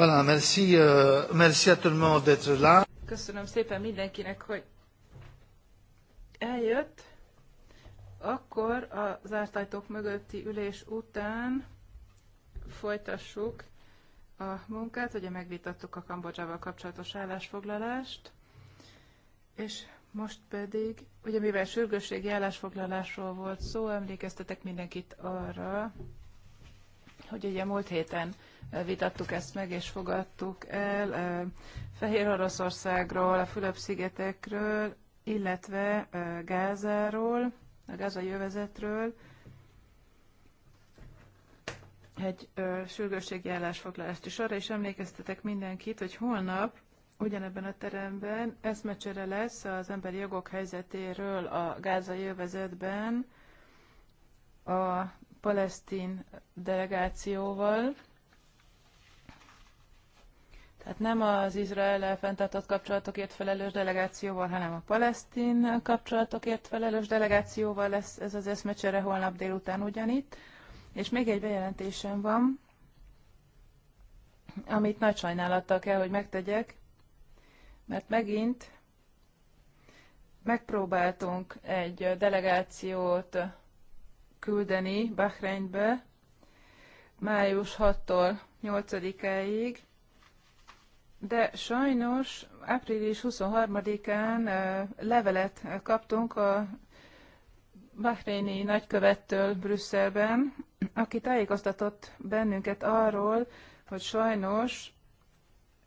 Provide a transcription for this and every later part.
Voilà, merci, euh, merci à tout le monde d'être là. Köszönöm szépen mindenkinek, hogy eljött. Akkor a zárt ajtók mögötti ülés után folytassuk a munkát. Ugye megvitattuk a Kambodzsával kapcsolatos állásfoglalást, és most pedig, ugye mivel sürgősségi állásfoglalásról volt szó, emlékeztetek mindenkit arra, hogy ugye múlt héten vitattuk ezt meg és fogadtuk el Fehér Oroszországról, a Fülöp-szigetekről, illetve Gázáról, a gázai jövezetről egy sürgősségi állásfoglalást is. Arra és emlékeztetek mindenkit, hogy holnap ugyanebben a teremben eszmecsere lesz az emberi jogok helyzetéről a gázai jövezetben a palesztin delegációval, tehát nem az Izrael fenntartott kapcsolatokért felelős delegációval, hanem a palesztin kapcsolatokért felelős delegációval lesz ez az eszmecsere holnap délután ugyanitt. És még egy bejelentésem van, amit nagy sajnálattal kell, hogy megtegyek, mert megint megpróbáltunk egy delegációt küldeni Bahreinbe május 6-tól 8-áig, de sajnos április 23-án levelet kaptunk a Bahreini nagykövettől Brüsszelben, aki tájékoztatott bennünket arról, hogy sajnos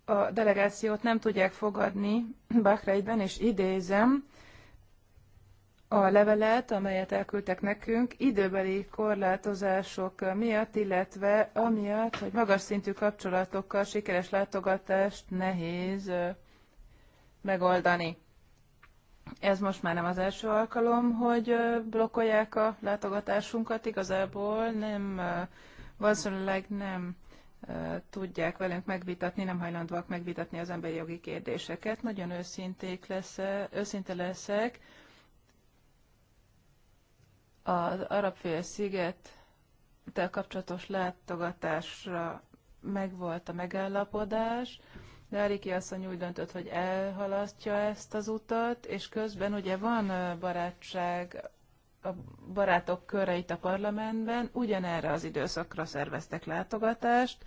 a delegációt nem tudják fogadni Bahreinben, és idézem, a levelet, amelyet elküldtek nekünk, időbeli korlátozások miatt, illetve amiatt, hogy magas szintű kapcsolatokkal sikeres látogatást nehéz megoldani. Ez most már nem az első alkalom, hogy blokkolják a látogatásunkat, igazából nem, valószínűleg nem tudják velünk megvitatni, nem hajlandóak megvitatni az emberi jogi kérdéseket. Nagyon őszinték lesz, őszinte leszek, az arab félszigettel kapcsolatos látogatásra megvolt a megállapodás, de Ariki asszony úgy döntött, hogy elhalasztja ezt az utat, és közben ugye van barátság, a barátok köreit a parlamentben, ugyanerre az időszakra szerveztek látogatást,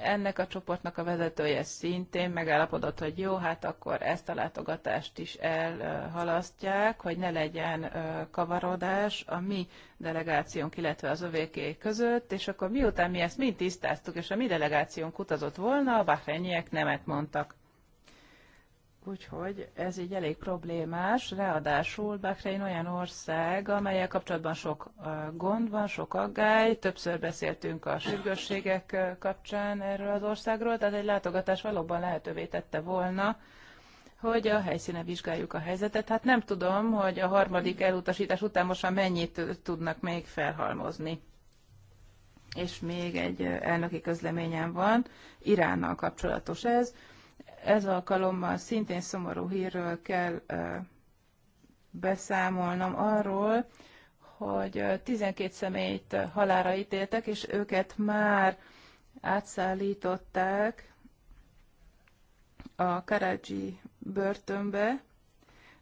ennek a csoportnak a vezetője szintén megállapodott, hogy jó, hát akkor ezt a látogatást is elhalasztják, hogy ne legyen kavarodás a mi delegációnk, illetve az övéké között, és akkor miután mi ezt mind tisztáztuk, és a mi delegációnk utazott volna, a bahrenyiek nemet mondtak. Úgyhogy ez így elég problémás, ráadásul Bahrein olyan ország, amelyel kapcsolatban sok uh, gond van, sok aggály, többször beszéltünk a sürgősségek uh, kapcsán erről az országról, tehát egy látogatás valóban lehetővé tette volna, hogy a helyszínen vizsgáljuk a helyzetet. Hát nem tudom, hogy a harmadik elutasítás után most már mennyit tudnak még felhalmozni. És még egy uh, elnöki közleményem van, Iránnal kapcsolatos ez. Ez alkalommal szintén szomorú hírről kell beszámolnom arról, hogy 12 személyt halára ítéltek, és őket már átszállították a Karadzsi börtönbe,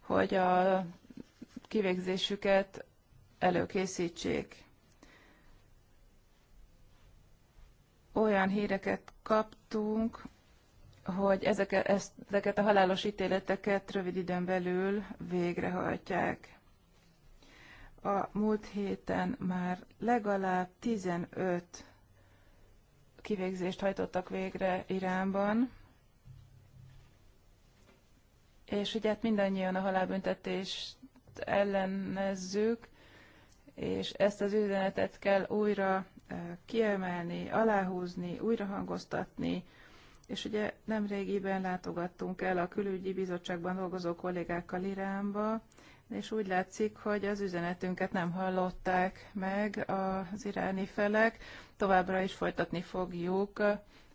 hogy a kivégzésüket előkészítsék. Olyan híreket kaptunk, hogy ezeket, a halálos ítéleteket rövid időn belül végrehajtják. A múlt héten már legalább 15 kivégzést hajtottak végre Iránban, és ugye hát mindannyian a halálbüntetést ellenezzük, és ezt az üzenetet kell újra eh, kiemelni, aláhúzni, újra hangoztatni, és ugye nemrégiben látogattunk el a külügyi bizottságban dolgozó kollégákkal Iránba, és úgy látszik, hogy az üzenetünket nem hallották meg az iráni felek. Továbbra is folytatni fogjuk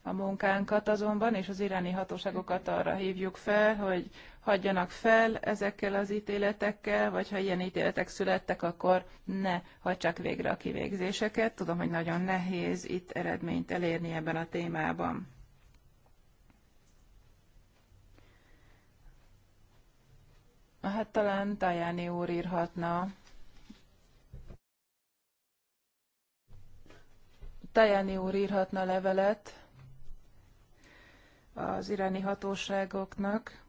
a munkánkat azonban, és az iráni hatóságokat arra hívjuk fel, hogy hagyjanak fel ezekkel az ítéletekkel, vagy ha ilyen ítéletek születtek, akkor ne hagyják végre a kivégzéseket. Tudom, hogy nagyon nehéz itt eredményt elérni ebben a témában. Hát talán Tajani úr írhatna. Tajani úr írhatna levelet az iráni hatóságoknak,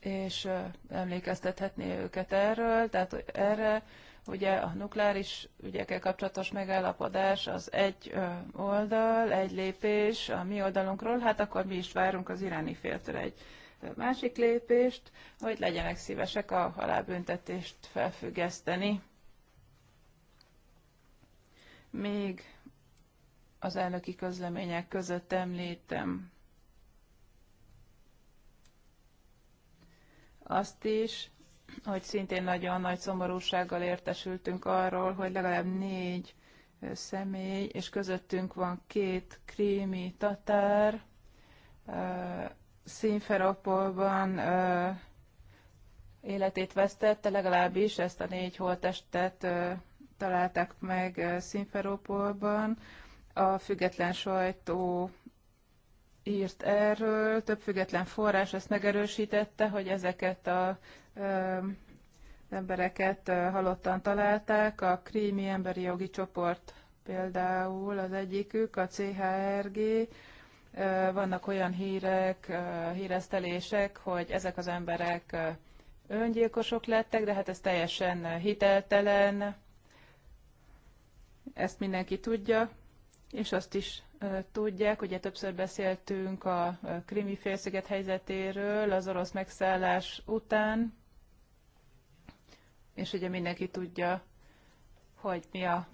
és emlékeztethetné őket erről, tehát erre, Ugye a nukleáris ügyekkel kapcsolatos megállapodás az egy oldal, egy lépés a mi oldalunkról, hát akkor mi is várunk az iráni féltől egy másik lépést, hogy legyenek szívesek a halálbüntetést felfüggeszteni. Még az elnöki közlemények között említem azt is, hogy szintén nagyon nagy szomorúsággal értesültünk arról, hogy legalább négy személy, és közöttünk van két krími tatár, Színferopolban életét vesztette, legalábbis ezt a négy holtestet találták meg Színferopolban. A független sajtó írt erről, több független forrás ezt megerősítette, hogy ezeket a embereket halottan találták. A krími emberi jogi csoport például az egyikük, a CHRG, vannak olyan hírek, híresztelések, hogy ezek az emberek öngyilkosok lettek, de hát ez teljesen hiteltelen, ezt mindenki tudja, és azt is tudják, ugye többször beszéltünk a krimi félsziget helyzetéről az orosz megszállás után, és ugye mindenki tudja, hogy mi a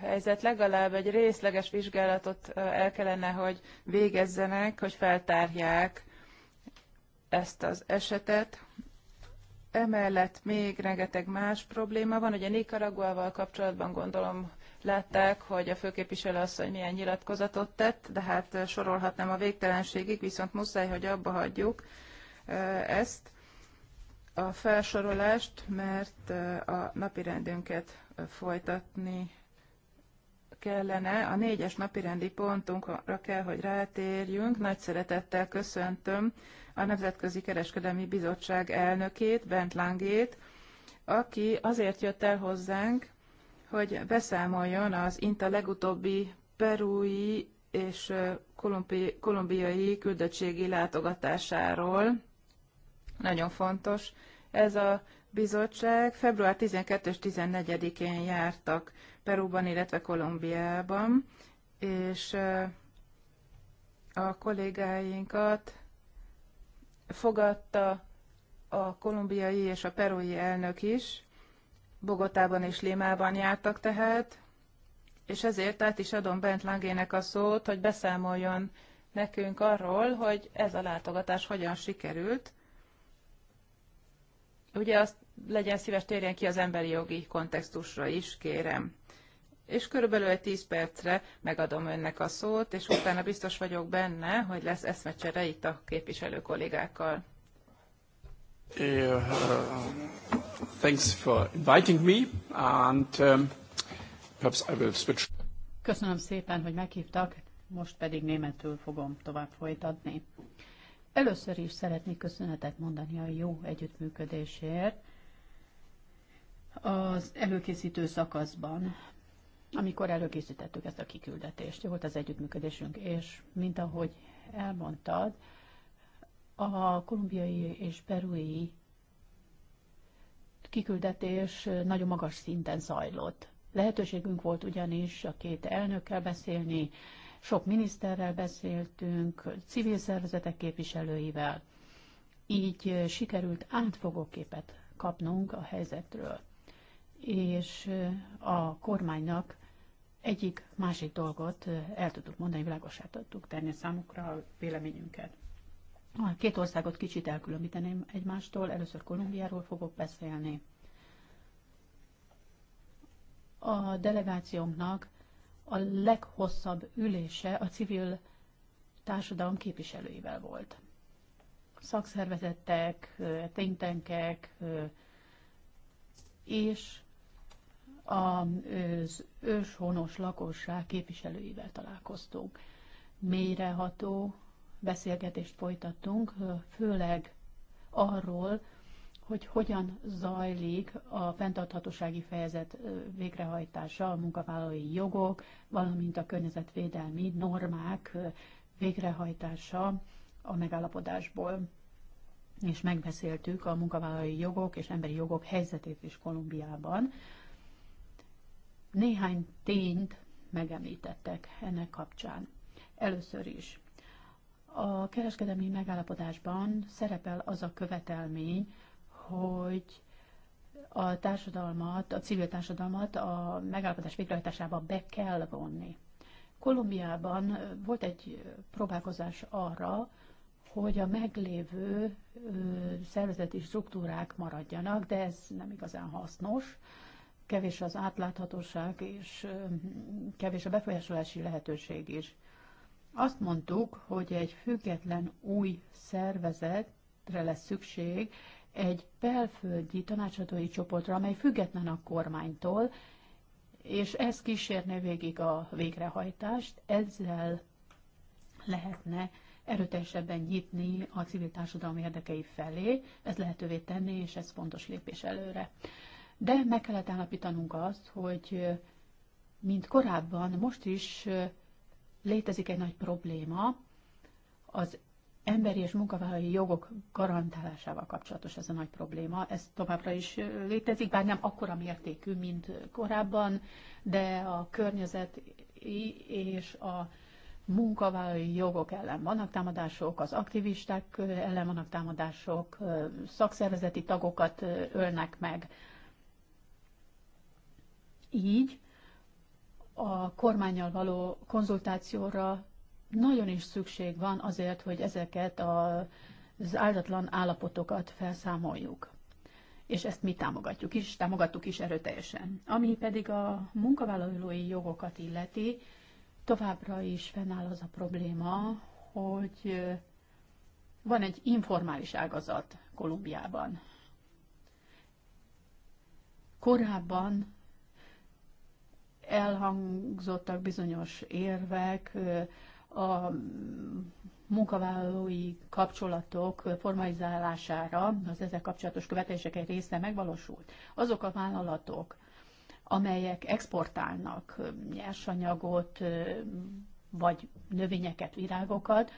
helyzet. Legalább egy részleges vizsgálatot el kellene, hogy végezzenek, hogy feltárják ezt az esetet. Emellett még rengeteg más probléma van. Ugye Nicaraguával kapcsolatban gondolom látták, hogy a főképviselő asszony milyen nyilatkozatot tett, de hát sorolhatnám a végtelenségig, viszont muszáj, hogy abba hagyjuk ezt a felsorolást, mert a napirendünket folytatni kellene. A négyes napirendi pontunkra kell, hogy rátérjünk. Nagy szeretettel köszöntöm a Nemzetközi Kereskedelmi Bizottság elnökét, Bent Langét, aki azért jött el hozzánk, hogy beszámoljon az INTA legutóbbi perui és kolumbiai küldöttségi látogatásáról nagyon fontos. Ez a bizottság február 12 14-én jártak Perúban, illetve Kolumbiában, és a kollégáinkat fogadta a kolumbiai és a perui elnök is, Bogotában és Limában jártak tehát, és ezért át is adom Bent Langének a szót, hogy beszámoljon nekünk arról, hogy ez a látogatás hogyan sikerült, ugye azt legyen szíves térjen ki az emberi jogi kontextusra is, kérem. És körülbelül egy 10 percre megadom önnek a szót, és utána biztos vagyok benne, hogy lesz eszmecsere itt a képviselő kollégákkal. Yeah, uh, eh, thanks for inviting me, and um, perhaps I will switch. Köszönöm szépen, hogy meghívtak, most pedig németül fogom tovább folytatni. Először is szeretnék köszönetet mondani a jó együttműködésért az előkészítő szakaszban, amikor előkészítettük ezt a kiküldetést. Jó volt az együttműködésünk, és mint ahogy elmondtad, a kolumbiai és perui kiküldetés nagyon magas szinten zajlott. Lehetőségünk volt ugyanis a két elnökkel beszélni, sok miniszterrel beszéltünk, civil szervezetek képviselőivel. Így sikerült átfogó képet kapnunk a helyzetről. És a kormánynak egyik másik dolgot el tudtuk mondani, világosá tudtuk tenni számukra a véleményünket. A két országot kicsit elkülöníteném egymástól, először Kolumbiáról fogok beszélni. A delegációnknak a leghosszabb ülése a civil társadalom képviselőivel volt. Szakszervezetek, ténytenkek és az őshonos lakosság képviselőivel találkoztunk. Mélyreható beszélgetést folytattunk, főleg arról, hogy hogyan zajlik a fenntarthatósági fejezet végrehajtása, a munkavállalói jogok, valamint a környezetvédelmi normák végrehajtása a megállapodásból. És megbeszéltük a munkavállalói jogok és emberi jogok helyzetét is Kolumbiában. Néhány tényt megemlítettek ennek kapcsán. Először is. A kereskedelmi megállapodásban szerepel az a követelmény, hogy a társadalmat, a civil társadalmat a megállapodás végrehajtásába be kell vonni. Kolumbiában volt egy próbálkozás arra, hogy a meglévő szervezeti struktúrák maradjanak, de ez nem igazán hasznos. Kevés az átláthatóság és kevés a befolyásolási lehetőség is. Azt mondtuk, hogy egy független új szervezetre lesz szükség, egy belföldi tanácsadói csoportra, amely független a kormánytól, és ez kísérne végig a végrehajtást, ezzel lehetne erőteljesebben nyitni a civil társadalom érdekei felé, ez lehetővé tenni, és ez fontos lépés előre. De meg kellett állapítanunk azt, hogy mint korábban, most is létezik egy nagy probléma, az emberi és munkavállalói jogok garantálásával kapcsolatos ez a nagy probléma. Ez továbbra is létezik, bár nem akkora mértékű, mint korábban, de a környezet és a munkavállalói jogok ellen vannak támadások, az aktivisták ellen vannak támadások, szakszervezeti tagokat ölnek meg. Így a kormányal való konzultációra nagyon is szükség van azért, hogy ezeket a, az áldatlan állapotokat felszámoljuk. És ezt mi támogatjuk is, támogattuk is erőteljesen. Ami pedig a munkavállalói jogokat illeti, továbbra is fennáll az a probléma, hogy van egy informális ágazat Kolumbiában. Korábban elhangzottak bizonyos érvek, a munkavállalói kapcsolatok formalizálására az ezzel kapcsolatos követelések egy része megvalósult. Azok a vállalatok, amelyek exportálnak nyersanyagot, vagy növényeket, virágokat,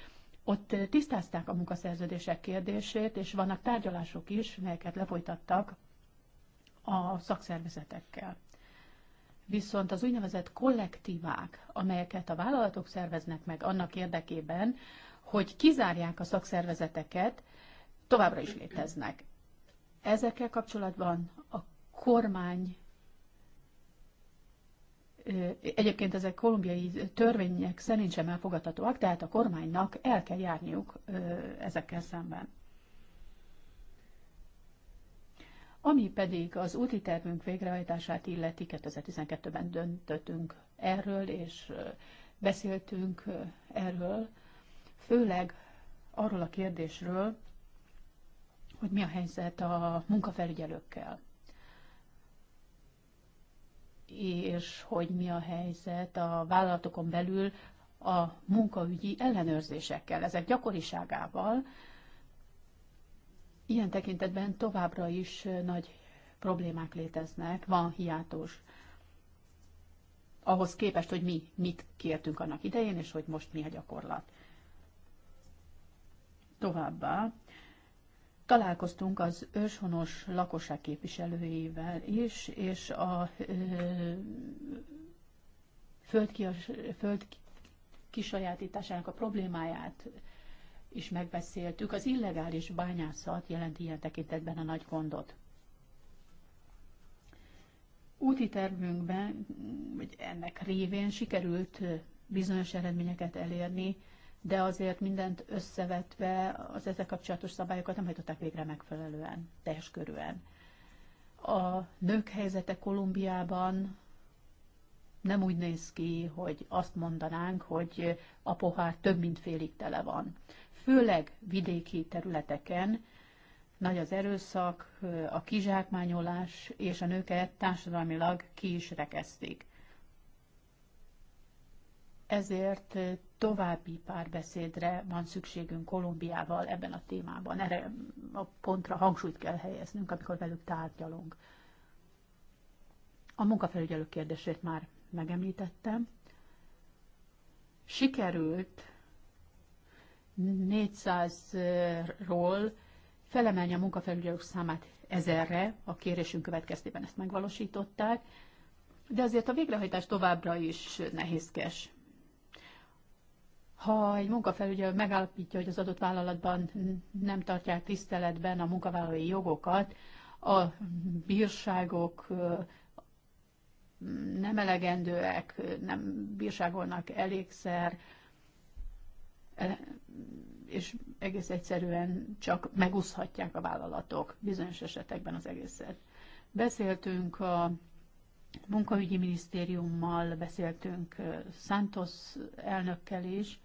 ott tisztázták a munkaszerződések kérdését, és vannak tárgyalások is, melyeket lefolytattak a szakszervezetekkel. Viszont az úgynevezett kollektívák, amelyeket a vállalatok szerveznek meg annak érdekében, hogy kizárják a szakszervezeteket, továbbra is léteznek. Ezekkel kapcsolatban a kormány Egyébként ezek kolumbiai törvények szerint sem elfogadhatóak, tehát a kormánynak el kell járniuk ezekkel szemben. Ami pedig az úti tervünk végrehajtását illeti, 2012-ben döntöttünk erről, és beszéltünk erről, főleg arról a kérdésről, hogy mi a helyzet a munkafelügyelőkkel, és hogy mi a helyzet a vállalatokon belül a munkaügyi ellenőrzésekkel, ezek gyakoriságával, Ilyen tekintetben továbbra is nagy problémák léteznek, van hiátus. Ahhoz képest, hogy mi mit kértünk annak idején, és hogy most mi a gyakorlat. Továbbá találkoztunk az őshonos lakosság képviselőivel is, és a ö, föld, ki, föld kisajátításának a problémáját is megbeszéltük. Az illegális bányászat jelenti ilyen tekintetben a nagy gondot. Úti tervünkben, vagy ennek révén sikerült bizonyos eredményeket elérni, de azért mindent összevetve az ezzel kapcsolatos szabályokat nem hajtották végre megfelelően, teljes körülön. A nők helyzete Kolumbiában nem úgy néz ki, hogy azt mondanánk, hogy a pohár több mint félig tele van főleg vidéki területeken nagy az erőszak, a kizsákmányolás, és a nőket társadalmilag ki is rekezték. Ezért további párbeszédre van szükségünk Kolumbiával ebben a témában. Erre a pontra hangsúlyt kell helyeznünk, amikor velük tárgyalunk. A munkafelügyelő kérdését már megemlítettem. Sikerült 400-ról felemelni a munkafelügyelők számát ezerre, a kérésünk következtében ezt megvalósították, de azért a végrehajtás továbbra is nehézkes. Ha egy munkafelügyelő megállapítja, hogy az adott vállalatban nem tartják tiszteletben a munkavállalói jogokat, a bírságok nem elegendőek, nem bírságolnak elégszer, és egész egyszerűen csak megúszhatják a vállalatok bizonyos esetekben az egészet. Beszéltünk a munkaügyi minisztériummal, beszéltünk Santos elnökkel is,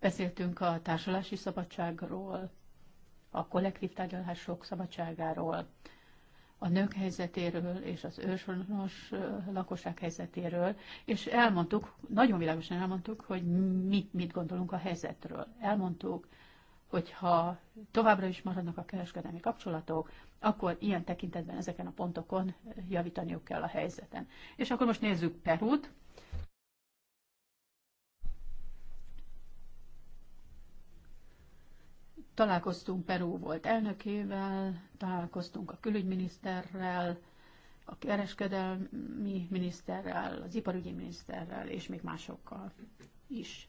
beszéltünk a társulási szabadságról, a kollektív tárgyalások szabadságáról a nők helyzetéről és az őshonos lakosság helyzetéről, és elmondtuk, nagyon világosan elmondtuk, hogy mit, mit gondolunk a helyzetről. Elmondtuk, hogy ha továbbra is maradnak a kereskedelmi kapcsolatok, akkor ilyen tekintetben ezeken a pontokon javítaniuk kell a helyzeten. És akkor most nézzük Perút. Találkoztunk Perú volt elnökével, találkoztunk a külügyminiszterrel, a kereskedelmi miniszterrel, az iparügyi miniszterrel és még másokkal is.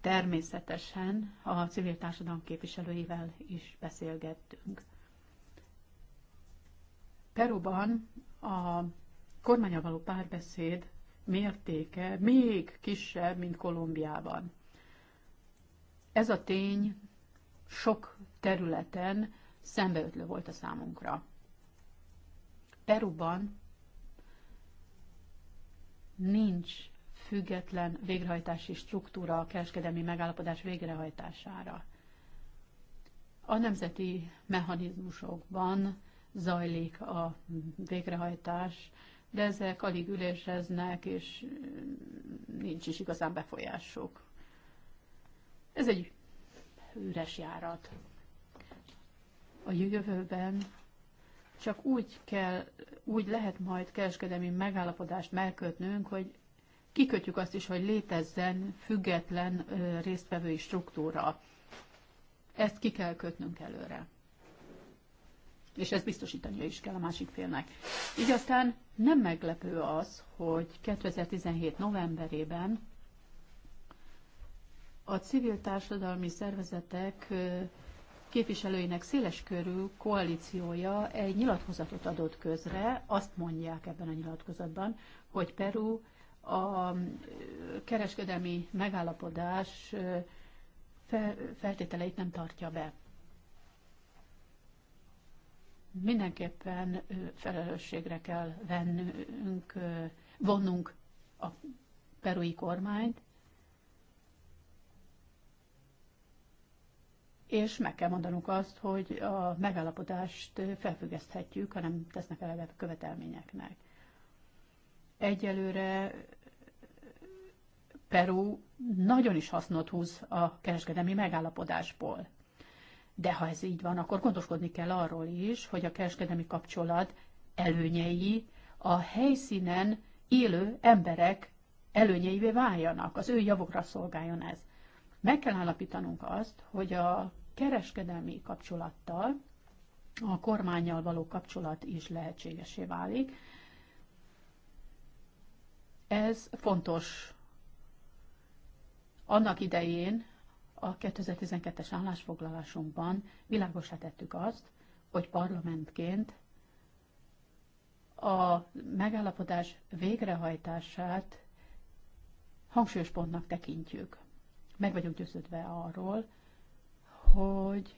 Természetesen a civil társadalom képviselőivel is beszélgettünk. Peruban a kormánya való párbeszéd mértéke még kisebb, mint Kolumbiában. Ez a tény sok területen szembeötlő volt a számunkra. Peruban nincs független végrehajtási struktúra a kereskedelmi megállapodás végrehajtására. A nemzeti mechanizmusokban zajlik a végrehajtás, de ezek alig üléseznek, és nincs is igazán befolyásuk. Ez egy üres járat. A jövőben csak úgy kell, úgy lehet majd kereskedelmi megállapodást megkötnünk, hogy kikötjük azt is, hogy létezzen független résztvevői struktúra. Ezt ki kell kötnünk előre. És ezt biztosítania is kell a másik félnek. Így aztán nem meglepő az, hogy 2017 novemberében a civil társadalmi szervezetek képviselőinek széles körű koalíciója egy nyilatkozatot adott közre, azt mondják ebben a nyilatkozatban, hogy Peru a kereskedelmi megállapodás feltételeit nem tartja be. Mindenképpen felelősségre kell vennünk, vonnunk a perui kormányt, és meg kell mondanunk azt, hogy a megállapodást felfüggeszthetjük, ha nem tesznek eleget a követelményeknek. Egyelőre Peru nagyon is hasznot húz a kereskedelmi megállapodásból. De ha ez így van, akkor gondoskodni kell arról is, hogy a kereskedelmi kapcsolat előnyei a helyszínen élő emberek előnyeivé váljanak, az ő javukra szolgáljon ez. Meg kell állapítanunk azt, hogy a kereskedelmi kapcsolattal, a kormányjal való kapcsolat is lehetségesé válik. Ez fontos. Annak idején a 2012-es állásfoglalásunkban világosá tettük azt, hogy parlamentként a megállapodás végrehajtását hangsúlyos pontnak tekintjük. Meg vagyok győződve arról, hogy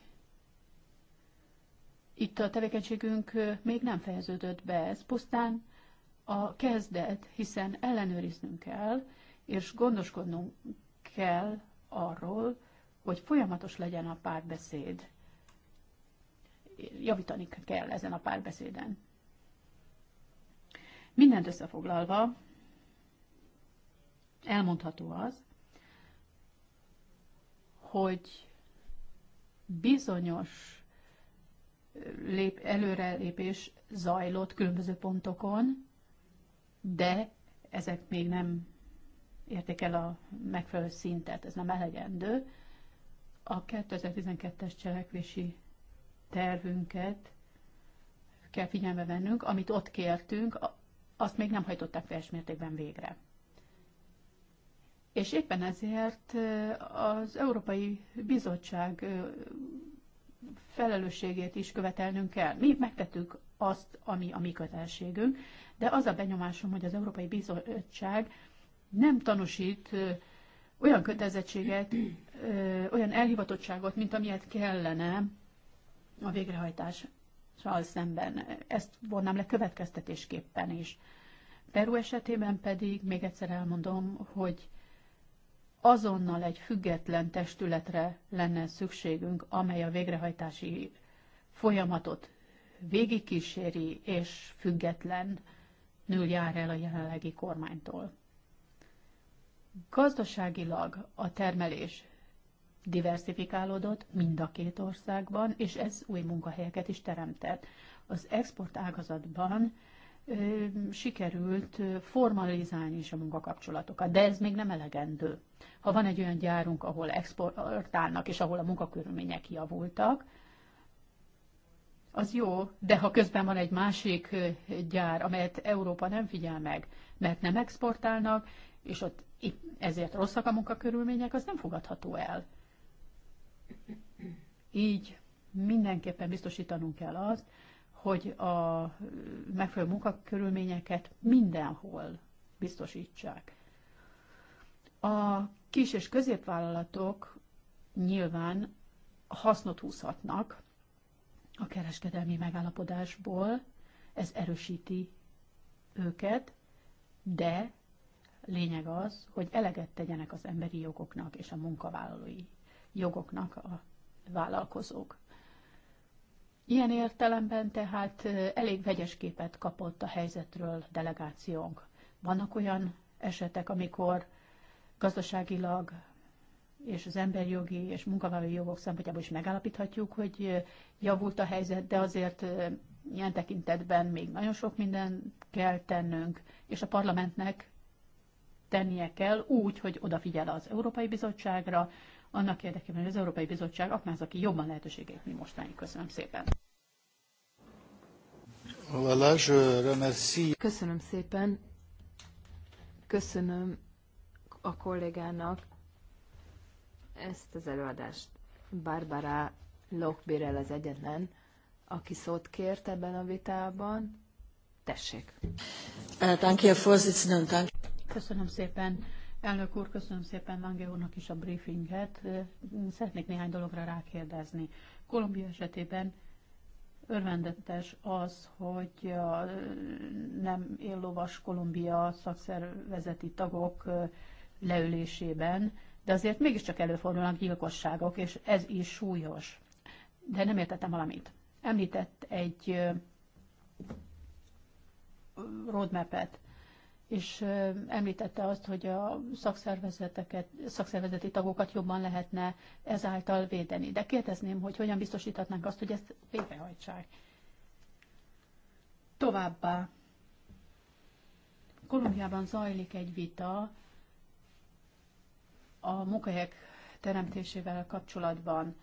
itt a tevékenységünk még nem fejeződött be, ez pusztán a kezdet, hiszen ellenőriznünk kell, és gondoskodnunk kell arról, hogy folyamatos legyen a párbeszéd. Javítani kell ezen a párbeszéden. Mindent összefoglalva elmondható az, hogy bizonyos lép, előrelépés zajlott különböző pontokon, de ezek még nem érték el a megfelelő szintet, ez nem elegendő. A 2012-es cselekvési tervünket kell figyelme vennünk, amit ott kértünk, azt még nem hajtották teljes mértékben végre. És éppen ezért az Európai Bizottság felelősségét is követelnünk kell. Mi megtettük azt, ami a mi kötelességünk, de az a benyomásom, hogy az Európai Bizottság nem tanúsít olyan kötelezettséget, olyan elhivatottságot, mint amilyet kellene a végrehajtással szemben. Ezt vonnám le következtetésképpen is. Peru esetében pedig, még egyszer elmondom, hogy azonnal egy független testületre lenne szükségünk, amely a végrehajtási folyamatot végigkíséri és független nül jár el a jelenlegi kormánytól. Gazdaságilag a termelés diversifikálódott mind a két országban, és ez új munkahelyeket is teremtett. Az export ágazatban sikerült formalizálni is a munkakapcsolatokat, de ez még nem elegendő. Ha van egy olyan gyárunk, ahol exportálnak, és ahol a munkakörülmények javultak, az jó, de ha közben van egy másik gyár, amelyet Európa nem figyel meg, mert nem exportálnak, és ott ezért rosszak a munkakörülmények, az nem fogadható el. Így mindenképpen biztosítanunk kell azt, hogy a megfelelő munkakörülményeket mindenhol biztosítsák. A kis és középvállalatok nyilván hasznot húzhatnak a kereskedelmi megállapodásból, ez erősíti őket, de lényeg az, hogy eleget tegyenek az emberi jogoknak és a munkavállalói jogoknak a vállalkozók. Ilyen értelemben tehát elég vegyes képet kapott a helyzetről delegációnk. Vannak olyan esetek, amikor gazdaságilag és az emberjogi és munkavállalói jogok szempontjából is megállapíthatjuk, hogy javult a helyzet, de azért ilyen tekintetben még nagyon sok minden kell tennünk, és a parlamentnek tennie kell úgy, hogy odafigyel az Európai Bizottságra, annak érdekében, hogy az Európai Bizottság aknázza ki jobban lehetőségeit, most mostáig. Köszönöm szépen. Köszönöm szépen. Köszönöm a kollégának ezt az előadást. Barbara Lokbirel az egyetlen, aki szót kért ebben a vitában. Tessék. Köszönöm szépen, elnök úr, köszönöm szépen Lange úrnak is a briefinget. Szeretnék néhány dologra rákérdezni. Kolumbia esetében örvendetes az, hogy a nem éllovas Kolumbia szakszervezeti tagok leülésében, de azért mégiscsak előfordulnak gyilkosságok, és ez is súlyos. De nem értettem valamit. Említett egy roadmap-et és említette azt, hogy a szakszervezeteket, szakszervezeti tagokat jobban lehetne ezáltal védeni. De kérdezném, hogy hogyan biztosíthatnánk azt, hogy ezt végrehajtsák. Továbbá, Kolumbiában zajlik egy vita a munkahelyek teremtésével kapcsolatban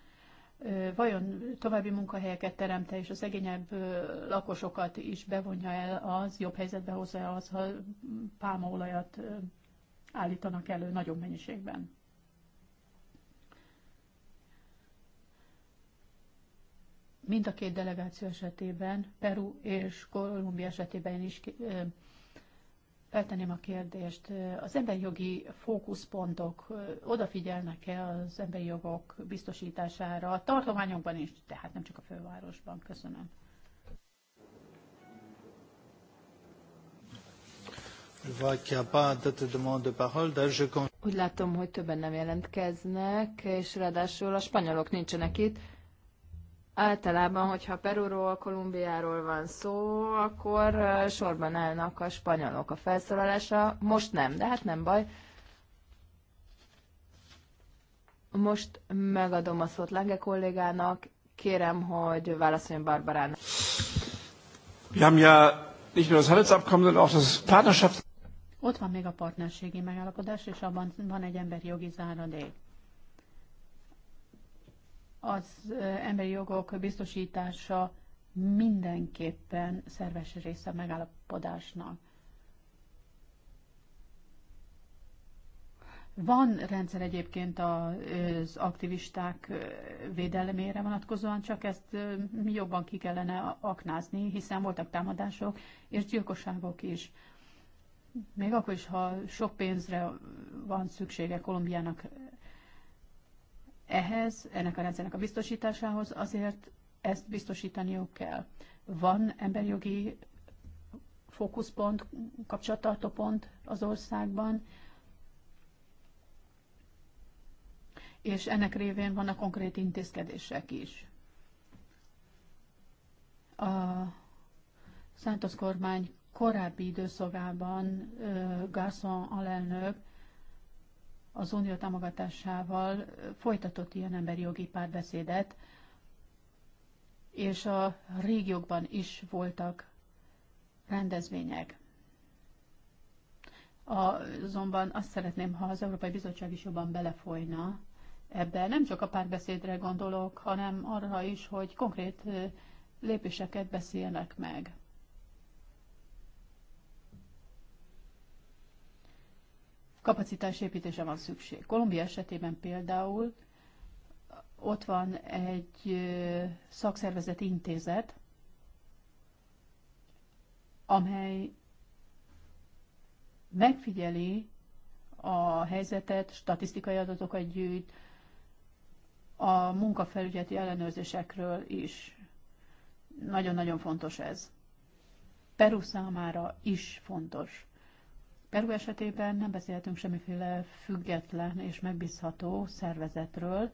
vajon további munkahelyeket teremte, és a szegényebb lakosokat is bevonja el az, jobb helyzetbe hozza el az, ha pálmaolajat állítanak elő nagyobb mennyiségben. Mind a két delegáció esetében, Peru és Kolumbia esetében is feltenném a kérdést. Az emberi jogi fókuszpontok odafigyelnek-e az emberi jogok biztosítására a tartományokban is, tehát nem csak a fővárosban? Köszönöm. Úgy látom, hogy többen nem jelentkeznek, és ráadásul a spanyolok nincsenek itt. Általában, hogyha Perúról, Kolumbiáról van szó, akkor sorban állnak a spanyolok a felszólalásra. Most nem, de hát nem baj. Most megadom a szót Lenge kollégának. Kérem, hogy válaszoljon Barbarának. Wir haben ja nicht Ott van még a partnerségi megállapodás, és abban van egy emberi jogi záradék az emberi jogok biztosítása mindenképpen szerves része a megállapodásnak. Van rendszer egyébként az aktivisták védelmére vonatkozóan, csak ezt jobban ki kellene aknázni, hiszen voltak támadások és gyilkosságok is. Még akkor is, ha sok pénzre van szüksége Kolumbiának ehhez, ennek a rendszernek a biztosításához azért ezt biztosítaniuk kell. Van emberjogi fókuszpont, kapcsolattartó pont az országban, és ennek révén vannak konkrét intézkedések is. A Santos kormány korábbi időszakában Garson alelnök az unió támogatásával folytatott ilyen emberi jogi párbeszédet, és a régiókban is voltak rendezvények. Azonban azt szeretném, ha az Európai Bizottság is jobban belefolyna ebbe. Nem csak a párbeszédre gondolok, hanem arra is, hogy konkrét lépéseket beszéljenek meg. kapacitásépítése van szükség. Kolumbia esetében például ott van egy szakszervezet intézet, amely megfigyeli a helyzetet, statisztikai adatokat gyűjt, a munkafelügyeti ellenőrzésekről is. Nagyon-nagyon fontos ez. Peru számára is fontos. Peru esetében nem beszélhetünk semmiféle független és megbízható szervezetről,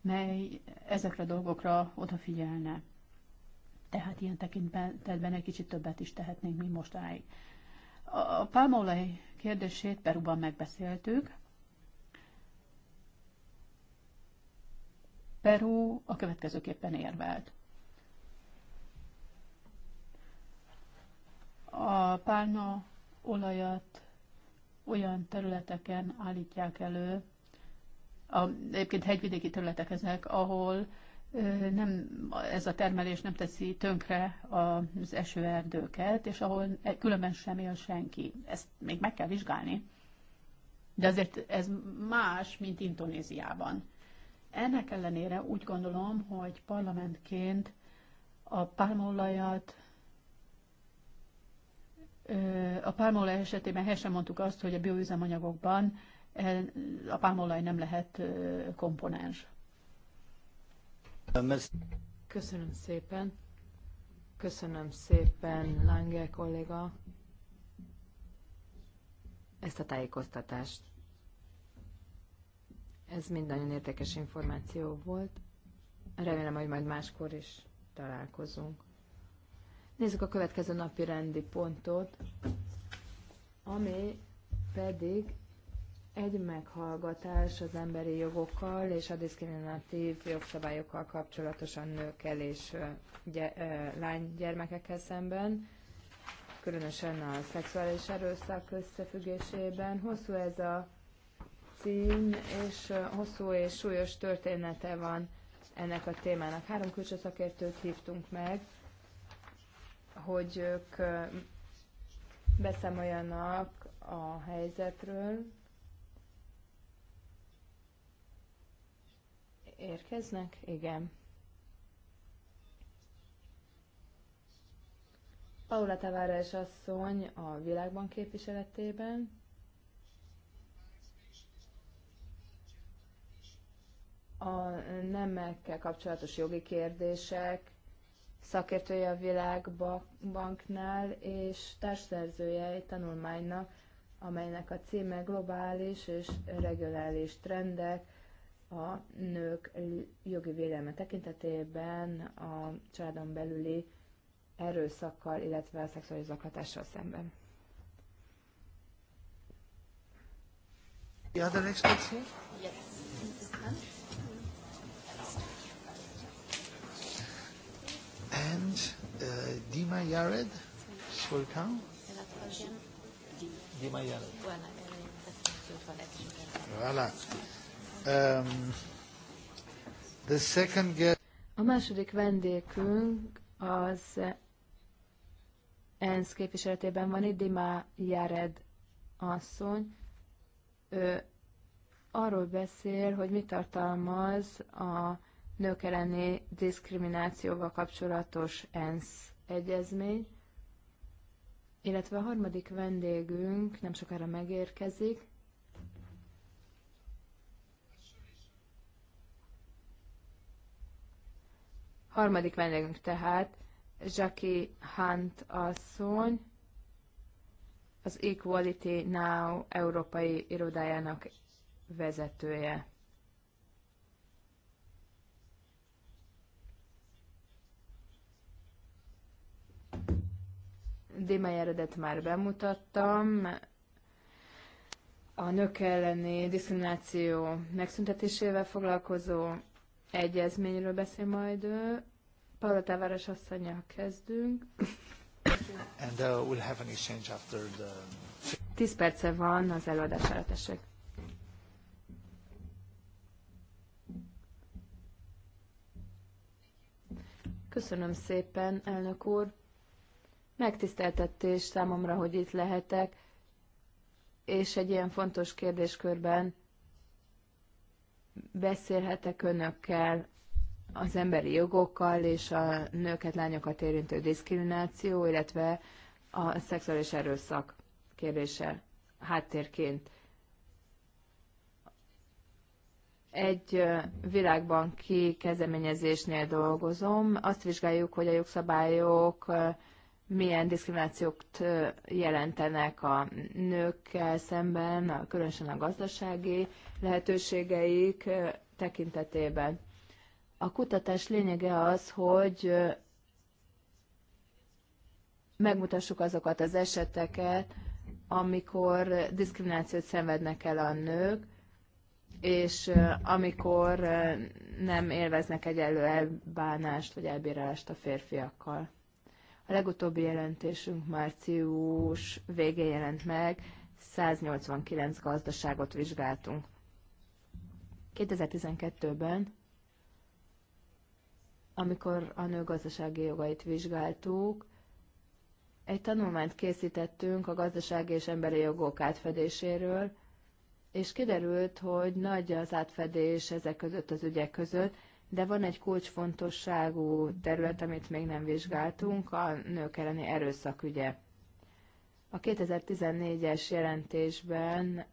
mely ezekre a dolgokra odafigyelne. Tehát ilyen tekintetben egy kicsit többet is tehetnénk mi mostáig. A pálmaolaj kérdését Peruban megbeszéltük. Peru a következőképpen érvelt. A pálma olajat olyan területeken állítják elő, a, egyébként hegyvidéki területek ezek, ahol nem, ez a termelés nem teszi tönkre az esőerdőket, és ahol e, különben sem él senki. Ezt még meg kell vizsgálni. De azért ez más, mint Indonéziában. Ennek ellenére úgy gondolom, hogy parlamentként a pálmaolajat a pálmaolaj esetében helyesen mondtuk azt, hogy a bioüzemanyagokban a pálmaolaj nem lehet komponens. Köszönöm szépen. Köszönöm szépen, Lange kolléga, ezt a tájékoztatást. Ez mind nagyon érdekes információ volt. Remélem, hogy majd máskor is találkozunk. Nézzük a következő napi rendi pontot, ami pedig egy meghallgatás az emberi jogokkal és a diszkriminatív jogszabályokkal kapcsolatosan nőkkel és lánygyermekekkel szemben, különösen a szexuális erőszak összefüggésében. Hosszú ez a cím, és hosszú és súlyos története van ennek a témának. Három külső szakértőt hívtunk meg, hogy ők beszámoljanak a helyzetről. Érkeznek? Igen. Paula Tavares asszony a világban képviseletében. A nemekkel kapcsolatos jogi kérdések szakértője a világbanknál, és társszerzője egy tanulmánynak, amelynek a címe globális és regionális trendek a nők jogi védelme tekintetében a családon belüli erőszakkal, illetve a szexuális zaklatással szemben. The other experts Yes. and uh, Dima Yared, sur le camp. Dima Yared. Voilà. Um, the second guest... A második vendégünk az ENSZ képviseletében van itt Dima Jared asszony. Ő arról beszél, hogy mit tartalmaz a nők elleni diszkriminációval kapcsolatos ENSZ egyezmény, illetve a harmadik vendégünk nem sokára megérkezik. Harmadik vendégünk tehát Jackie Hunt asszony, az Equality Now európai irodájának vezetője. Démájáredet már bemutattam. A nők elleni diszkrimináció megszüntetésével foglalkozó egyezményről beszél majd ő. Paula asszonya, kezdünk. And uh, we'll have an exchange after the... Tíz perce van az előadására, tessék. Köszönöm szépen, elnök úr. Megtiszteltetés számomra, hogy itt lehetek, és egy ilyen fontos kérdéskörben beszélhetek önökkel az emberi jogokkal és a nőket, lányokat érintő diszkrimináció, illetve a szexuális erőszak kérdése háttérként. Egy világban ki kezdeményezésnél dolgozom. Azt vizsgáljuk, hogy a jogszabályok milyen diszkriminációkt jelentenek a nőkkel szemben, különösen a gazdasági lehetőségeik tekintetében. A kutatás lényege az, hogy megmutassuk azokat az eseteket, amikor diszkriminációt szenvednek el a nők, és amikor nem élveznek egyenlő elbánást vagy elbírálást a férfiakkal. A legutóbbi jelentésünk március végén jelent meg, 189 gazdaságot vizsgáltunk. 2012-ben, amikor a nő gazdasági jogait vizsgáltuk, egy tanulmányt készítettünk a gazdasági és emberi jogok átfedéséről, és kiderült, hogy nagy az átfedés ezek között az ügyek között, de van egy kulcsfontosságú terület, amit még nem vizsgáltunk, a nők elleni erőszak ügye. A 2014-es jelentésben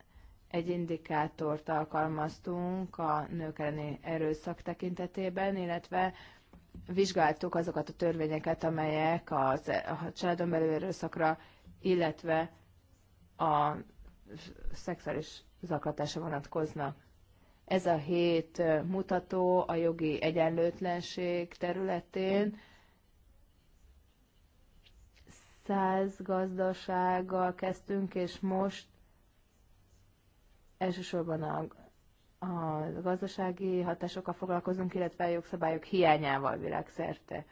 egy indikátort alkalmaztunk a nők elleni erőszak tekintetében, illetve vizsgáltuk azokat a törvényeket, amelyek az, a családon belül erőszakra, illetve a szexuális zaklatásra vonatkoznak. Ez a hét mutató a jogi egyenlőtlenség területén száz gazdasággal kezdtünk, és most elsősorban a, a gazdasági hatásokkal foglalkozunk, illetve a jogszabályok hiányával világszerte.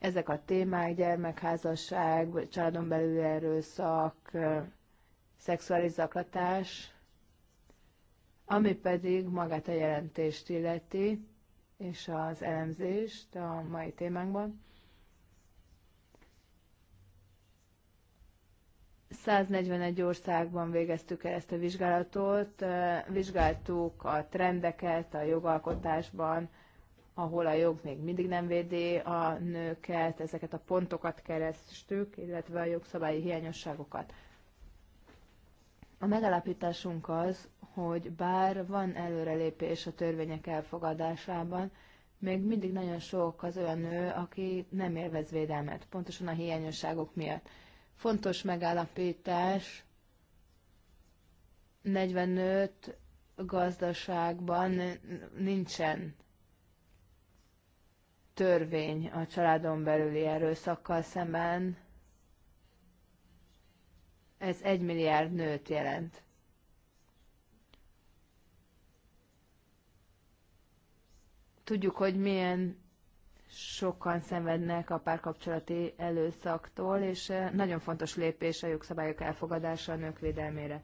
Ezek a témák, gyermekházasság, családon belül erőszak, szexuális zaklatás, ami pedig magát a jelentést illeti, és az elemzést a mai témánkban. 141 országban végeztük el ezt a vizsgálatot, vizsgáltuk a trendeket a jogalkotásban, ahol a jog még mindig nem védi a nőket, ezeket a pontokat keresztük, illetve a jogszabályi hiányosságokat. A megalapításunk az, hogy bár van előrelépés a törvények elfogadásában, még mindig nagyon sok az olyan nő, aki nem élvez védelmet, pontosan a hiányosságok miatt. Fontos megállapítás, 45 gazdaságban nincsen törvény a családon belüli erőszakkal szemben, ez egy milliárd nőt jelent. Tudjuk, hogy milyen sokan szenvednek a párkapcsolati előszaktól, és eh, nagyon fontos lépés a jogszabályok elfogadása a nők védelmére.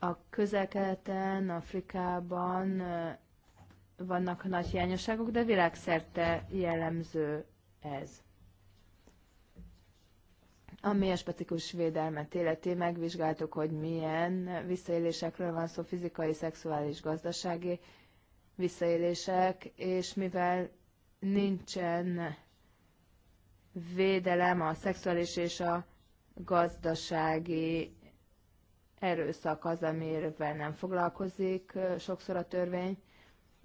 A közelkeleten, Afrikában eh, vannak nagy hiányosságok, de világszerte jellemző ez a specifikus védelmet illeti, megvizsgáltuk, hogy milyen visszaélésekről van szó, fizikai, szexuális, gazdasági visszaélések, és mivel nincsen védelem a szexuális és a gazdasági erőszak az, amivel nem foglalkozik sokszor a törvény.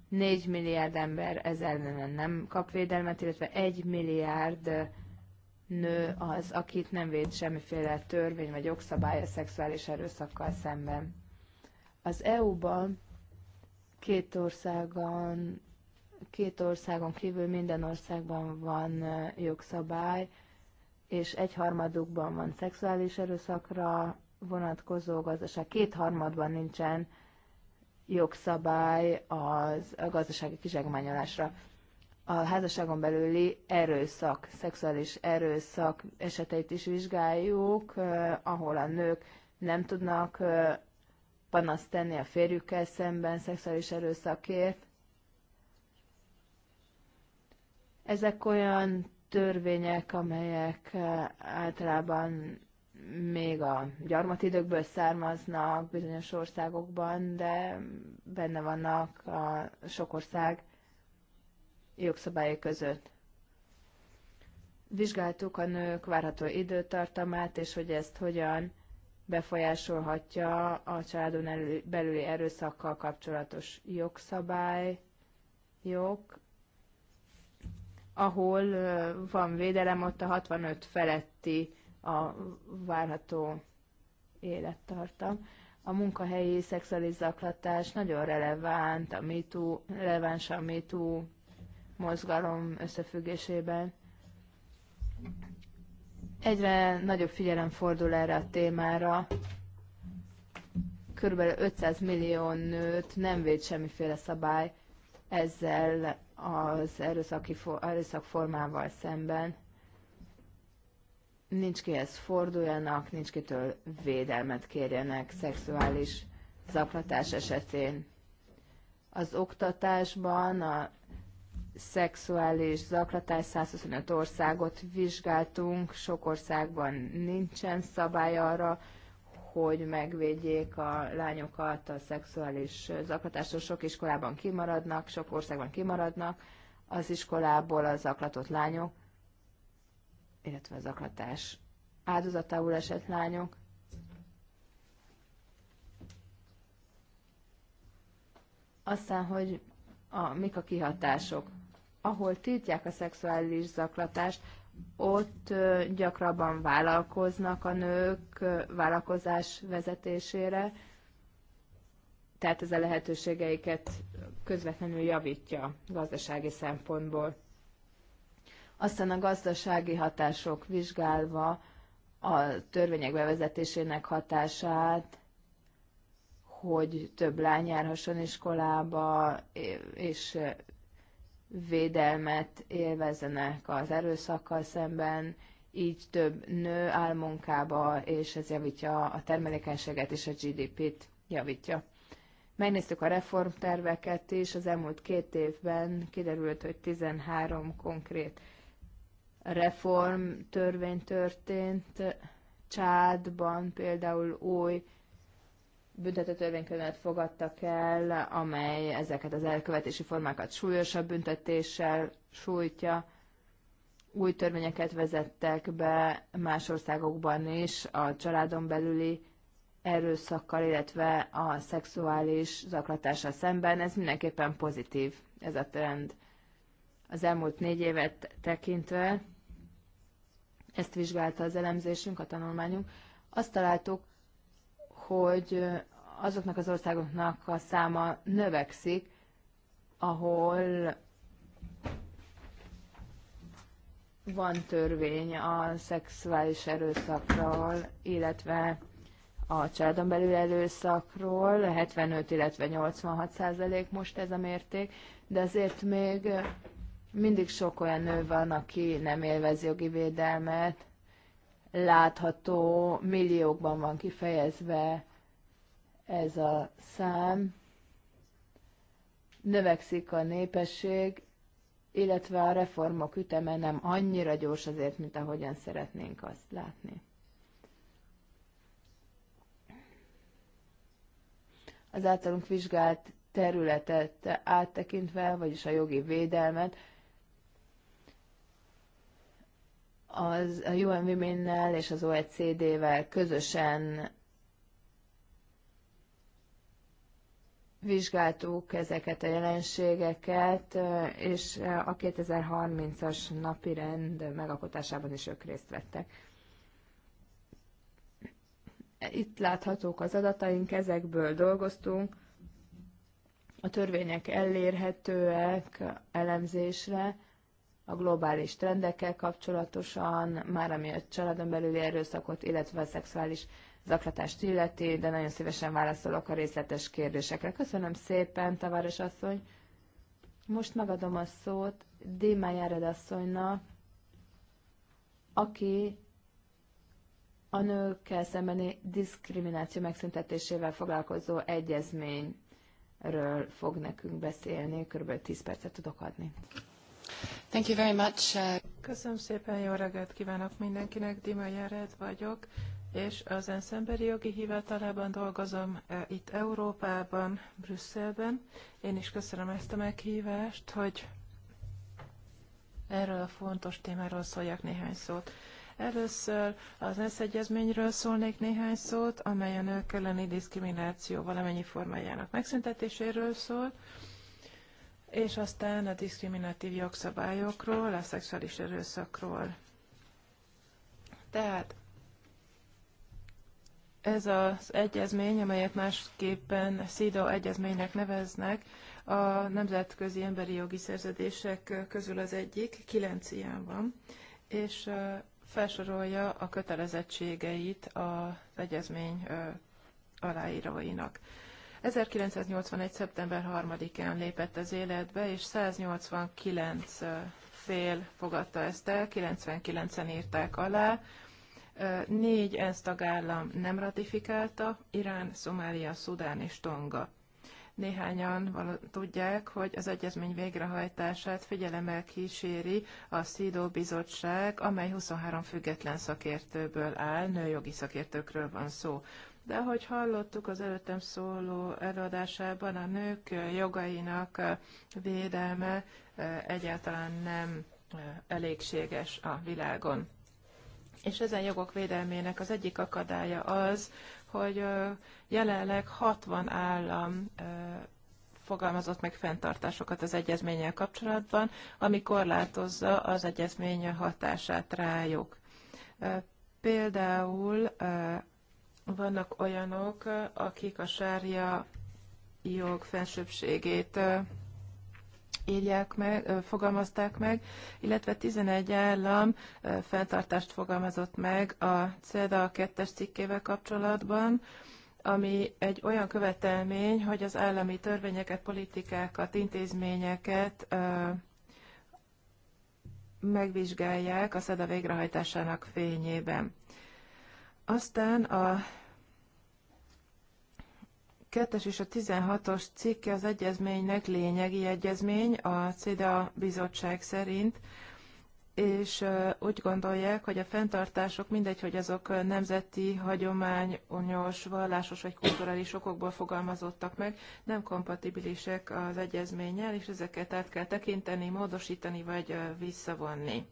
4 milliárd ember ezzel nem kap védelmet, illetve 1 milliárd nő az, akit nem véd semmiféle törvény vagy jogszabály a szexuális erőszakkal szemben. Az EU-ban két országon, két országon kívül minden országban van jogszabály, és egyharmadukban van szexuális erőszakra vonatkozó gazdaság, kétharmadban nincsen jogszabály az a gazdasági kizsegmányolásra a házasságon belüli erőszak, szexuális erőszak eseteit is vizsgáljuk, ahol a nők nem tudnak panaszt tenni a férjükkel szemben szexuális erőszakért. Ezek olyan törvények, amelyek általában még a gyarmatidőkből származnak bizonyos országokban, de benne vannak a sok ország jogszabályai között. Vizsgáltuk a nők várható időtartamát, és hogy ezt hogyan befolyásolhatja a családon belüli erőszakkal kapcsolatos jogszabály, jog, ahol van védelem, ott a 65 feletti a várható élettartam. A munkahelyi szexuális zaklatás nagyon relevánt, a MeToo, releváns a MeToo mozgalom összefüggésében. Egyre nagyobb figyelem fordul erre a témára. Körülbelül 500 millió nőt nem véd semmiféle szabály ezzel az erőszaki, formával szemben. Nincs kihez forduljanak, nincs kitől védelmet kérjenek szexuális zaklatás esetén. Az oktatásban, a szexuális zaklatás, 125 országot vizsgáltunk, sok országban nincsen szabály arra, hogy megvédjék a lányokat a szexuális zaklatástól. Sok iskolában kimaradnak, sok országban kimaradnak az iskolából az zaklatott lányok, illetve a zaklatás áldozatául esett lányok. Aztán, hogy a, mik a kihatások ahol tiltják a szexuális zaklatást, ott gyakrabban vállalkoznak a nők vállalkozás vezetésére, tehát ez a lehetőségeiket közvetlenül javítja gazdasági szempontból. Aztán a gazdasági hatások vizsgálva a törvények bevezetésének hatását, hogy több lány járhasson iskolába, és védelmet élvezzenek az erőszakkal szemben, így több nő áll munkába, és ez javítja a termelékenységet és a GDP-t javítja. Megnéztük a reformterveket is, az elmúlt két évben kiderült, hogy 13 konkrét reformtörvény történt. Csádban például új büntetőtörvénykönyvet fogadtak el, amely ezeket az elkövetési formákat súlyosabb büntetéssel sújtja. Új törvényeket vezettek be más országokban is a családon belüli erőszakkal, illetve a szexuális zaklatással szemben. Ez mindenképpen pozitív, ez a trend. Az elmúlt négy évet tekintve, ezt vizsgálta az elemzésünk, a tanulmányunk, azt találtuk, hogy azoknak az országoknak a száma növekszik, ahol van törvény a szexuális erőszakról, illetve a családon belül erőszakról, 75, illetve 86 százalék most ez a mérték, de azért még mindig sok olyan nő van, aki nem élvez jogi védelmet, látható milliókban van kifejezve ez a szám. Növekszik a népesség, illetve a reformok üteme nem annyira gyors azért, mint ahogyan szeretnénk azt látni. Az általunk vizsgált területet áttekintve, vagyis a jogi védelmet, az a UN Women-nel és az OECD-vel közösen vizsgáltuk ezeket a jelenségeket, és a 2030-as napi rend megalkotásában is ők részt vettek. Itt láthatók az adataink, ezekből dolgoztunk. A törvények elérhetőek elemzésre, a globális trendekkel kapcsolatosan, már ami a családon belüli erőszakot, illetve a szexuális zaklatást illeti, de nagyon szívesen válaszolok a részletes kérdésekre. Köszönöm szépen, Tavares asszony. Most megadom a szót Déma Járed asszonynak, aki a nőkkel szembeni diszkrimináció megszüntetésével foglalkozó egyezményről fog nekünk beszélni. Körülbelül 10 percet tudok adni. Thank you very much. Uh, köszönöm szépen, jó reggelt kívánok mindenkinek, Dima Jared vagyok, és az ENSZ emberi jogi hivatalában dolgozom eh, itt Európában, Brüsszelben. Én is köszönöm ezt a meghívást, hogy erről a fontos témáról szóljak néhány szót. Először az ENSZ egyezményről szólnék néhány szót, amely a nők elleni diszkrimináció valamennyi formájának megszüntetéséről szól és aztán a diszkriminatív jogszabályokról, a szexuális erőszakról. Tehát ez az egyezmény, amelyet másképpen SZIDO egyezménynek neveznek, a nemzetközi emberi jogi szerződések közül az egyik, kilenc ilyen van, és felsorolja a kötelezettségeit az egyezmény aláíróinak. 1981. szeptember 3-án lépett az életbe, és 189 fél fogadta ezt el, 99-en írták alá. Négy ENSZ tagállam nem ratifikálta, Irán, Szomália, Szudán és Tonga. Néhányan tudják, hogy az egyezmény végrehajtását figyelemmel kíséri a Szídó bizottság, amely 23 független szakértőből áll, nőjogi szakértőkről van szó. De ahogy hallottuk az előttem szóló előadásában, a nők jogainak védelme egyáltalán nem elégséges a világon. És ezen jogok védelmének az egyik akadálya az, hogy jelenleg 60 állam fogalmazott meg fenntartásokat az egyezménnyel kapcsolatban, ami korlátozza az egyezmény hatását rájuk. Például vannak olyanok, akik a sárja jog felsőbségét írják meg, fogalmazták meg, illetve 11 állam fenntartást fogalmazott meg a CEDA 2-es cikkével kapcsolatban, ami egy olyan követelmény, hogy az állami törvényeket, politikákat, intézményeket megvizsgálják a SZEDA végrehajtásának fényében. Aztán a 2-es és a 16-os cikke az egyezménynek lényegi egyezmény a CEDA bizottság szerint, és úgy gondolják, hogy a fenntartások mindegy, hogy azok nemzeti, hagyományos, vallásos vagy kulturális okokból fogalmazottak meg, nem kompatibilisek az egyezménnyel, és ezeket át kell tekinteni, módosítani vagy visszavonni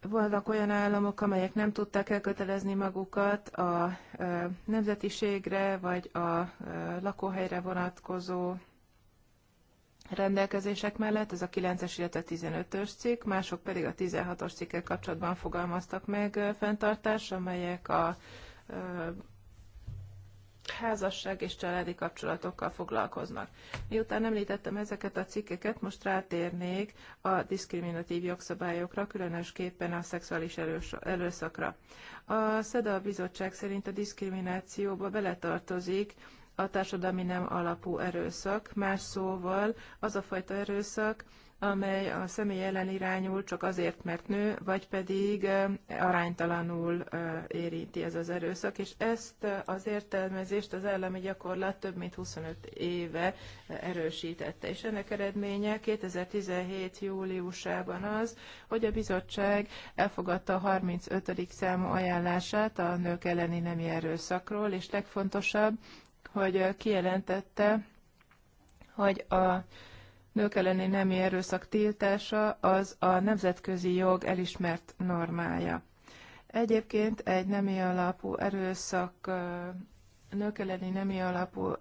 voltak olyan államok, amelyek nem tudták elkötelezni magukat a nemzetiségre vagy a lakóhelyre vonatkozó rendelkezések mellett, ez a 9-es, illetve 15-ös cikk, mások pedig a 16-os cikkel kapcsolatban fogalmaztak meg fenntartás, amelyek a házasság és családi kapcsolatokkal foglalkoznak. Miután említettem ezeket a cikkeket, most rátérnék a diszkriminatív jogszabályokra, különösképpen a szexuális előszakra. A SZEDA bizottság szerint a diszkriminációba beletartozik a társadalmi nem alapú erőszak, más szóval az a fajta erőszak, amely a személy ellen irányul csak azért, mert nő, vagy pedig aránytalanul érinti ez az erőszak, és ezt az értelmezést az állami gyakorlat több mint 25 éve erősítette. És ennek eredménye 2017. júliusában az, hogy a bizottság elfogadta a 35. számú ajánlását a nők elleni nemi erőszakról, és legfontosabb, hogy kijelentette, hogy a nők elleni nemi erőszak tiltása az a nemzetközi jog elismert normája. Egyébként egy nemi alapú erőszak, nők elleni nemi alapú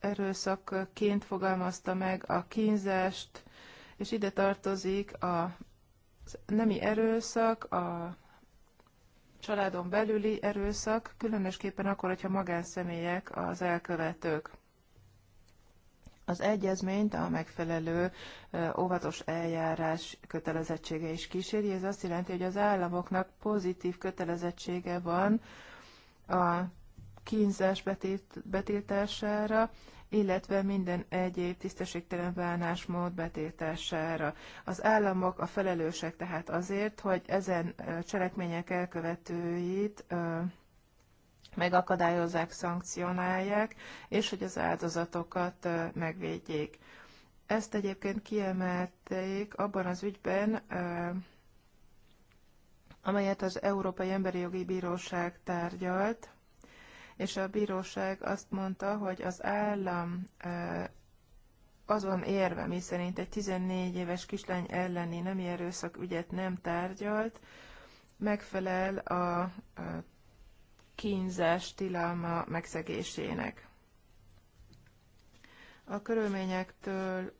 erőszakként fogalmazta meg a kínzást, és ide tartozik a nemi erőszak, a családon belüli erőszak, különösképpen akkor, hogyha magánszemélyek az elkövetők. Az egyezményt a megfelelő óvatos eljárás kötelezettsége is kíséri. Ez azt jelenti, hogy az államoknak pozitív kötelezettsége van a kínzás betilt, betiltására, illetve minden egyéb tisztességtelen bánásmód betiltására. Az államok a felelősek tehát azért, hogy ezen cselekmények elkövetőit megakadályozzák, szankcionálják, és hogy az áldozatokat megvédjék. Ezt egyébként kiemelték abban az ügyben, amelyet az Európai Emberi Jogi Bíróság tárgyalt, és a bíróság azt mondta, hogy az állam azon érve, mi szerint egy 14 éves kislány elleni nemi erőszak ügyet nem tárgyalt, megfelel a kínzás tilalma megszegésének. A körülményektől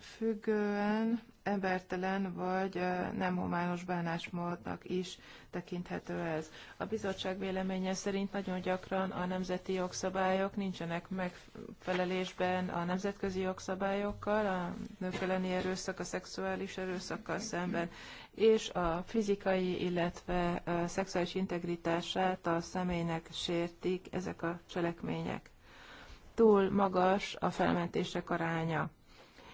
függően embertelen vagy nem humános bánásmódnak is tekinthető ez. A bizottság véleménye szerint nagyon gyakran a nemzeti jogszabályok nincsenek megfelelésben a nemzetközi jogszabályokkal, a nők elleni erőszak, a szexuális erőszakkal szemben és a fizikai, illetve a szexuális integritását a személynek sértik ezek a cselekmények. Túl magas a felmentések aránya.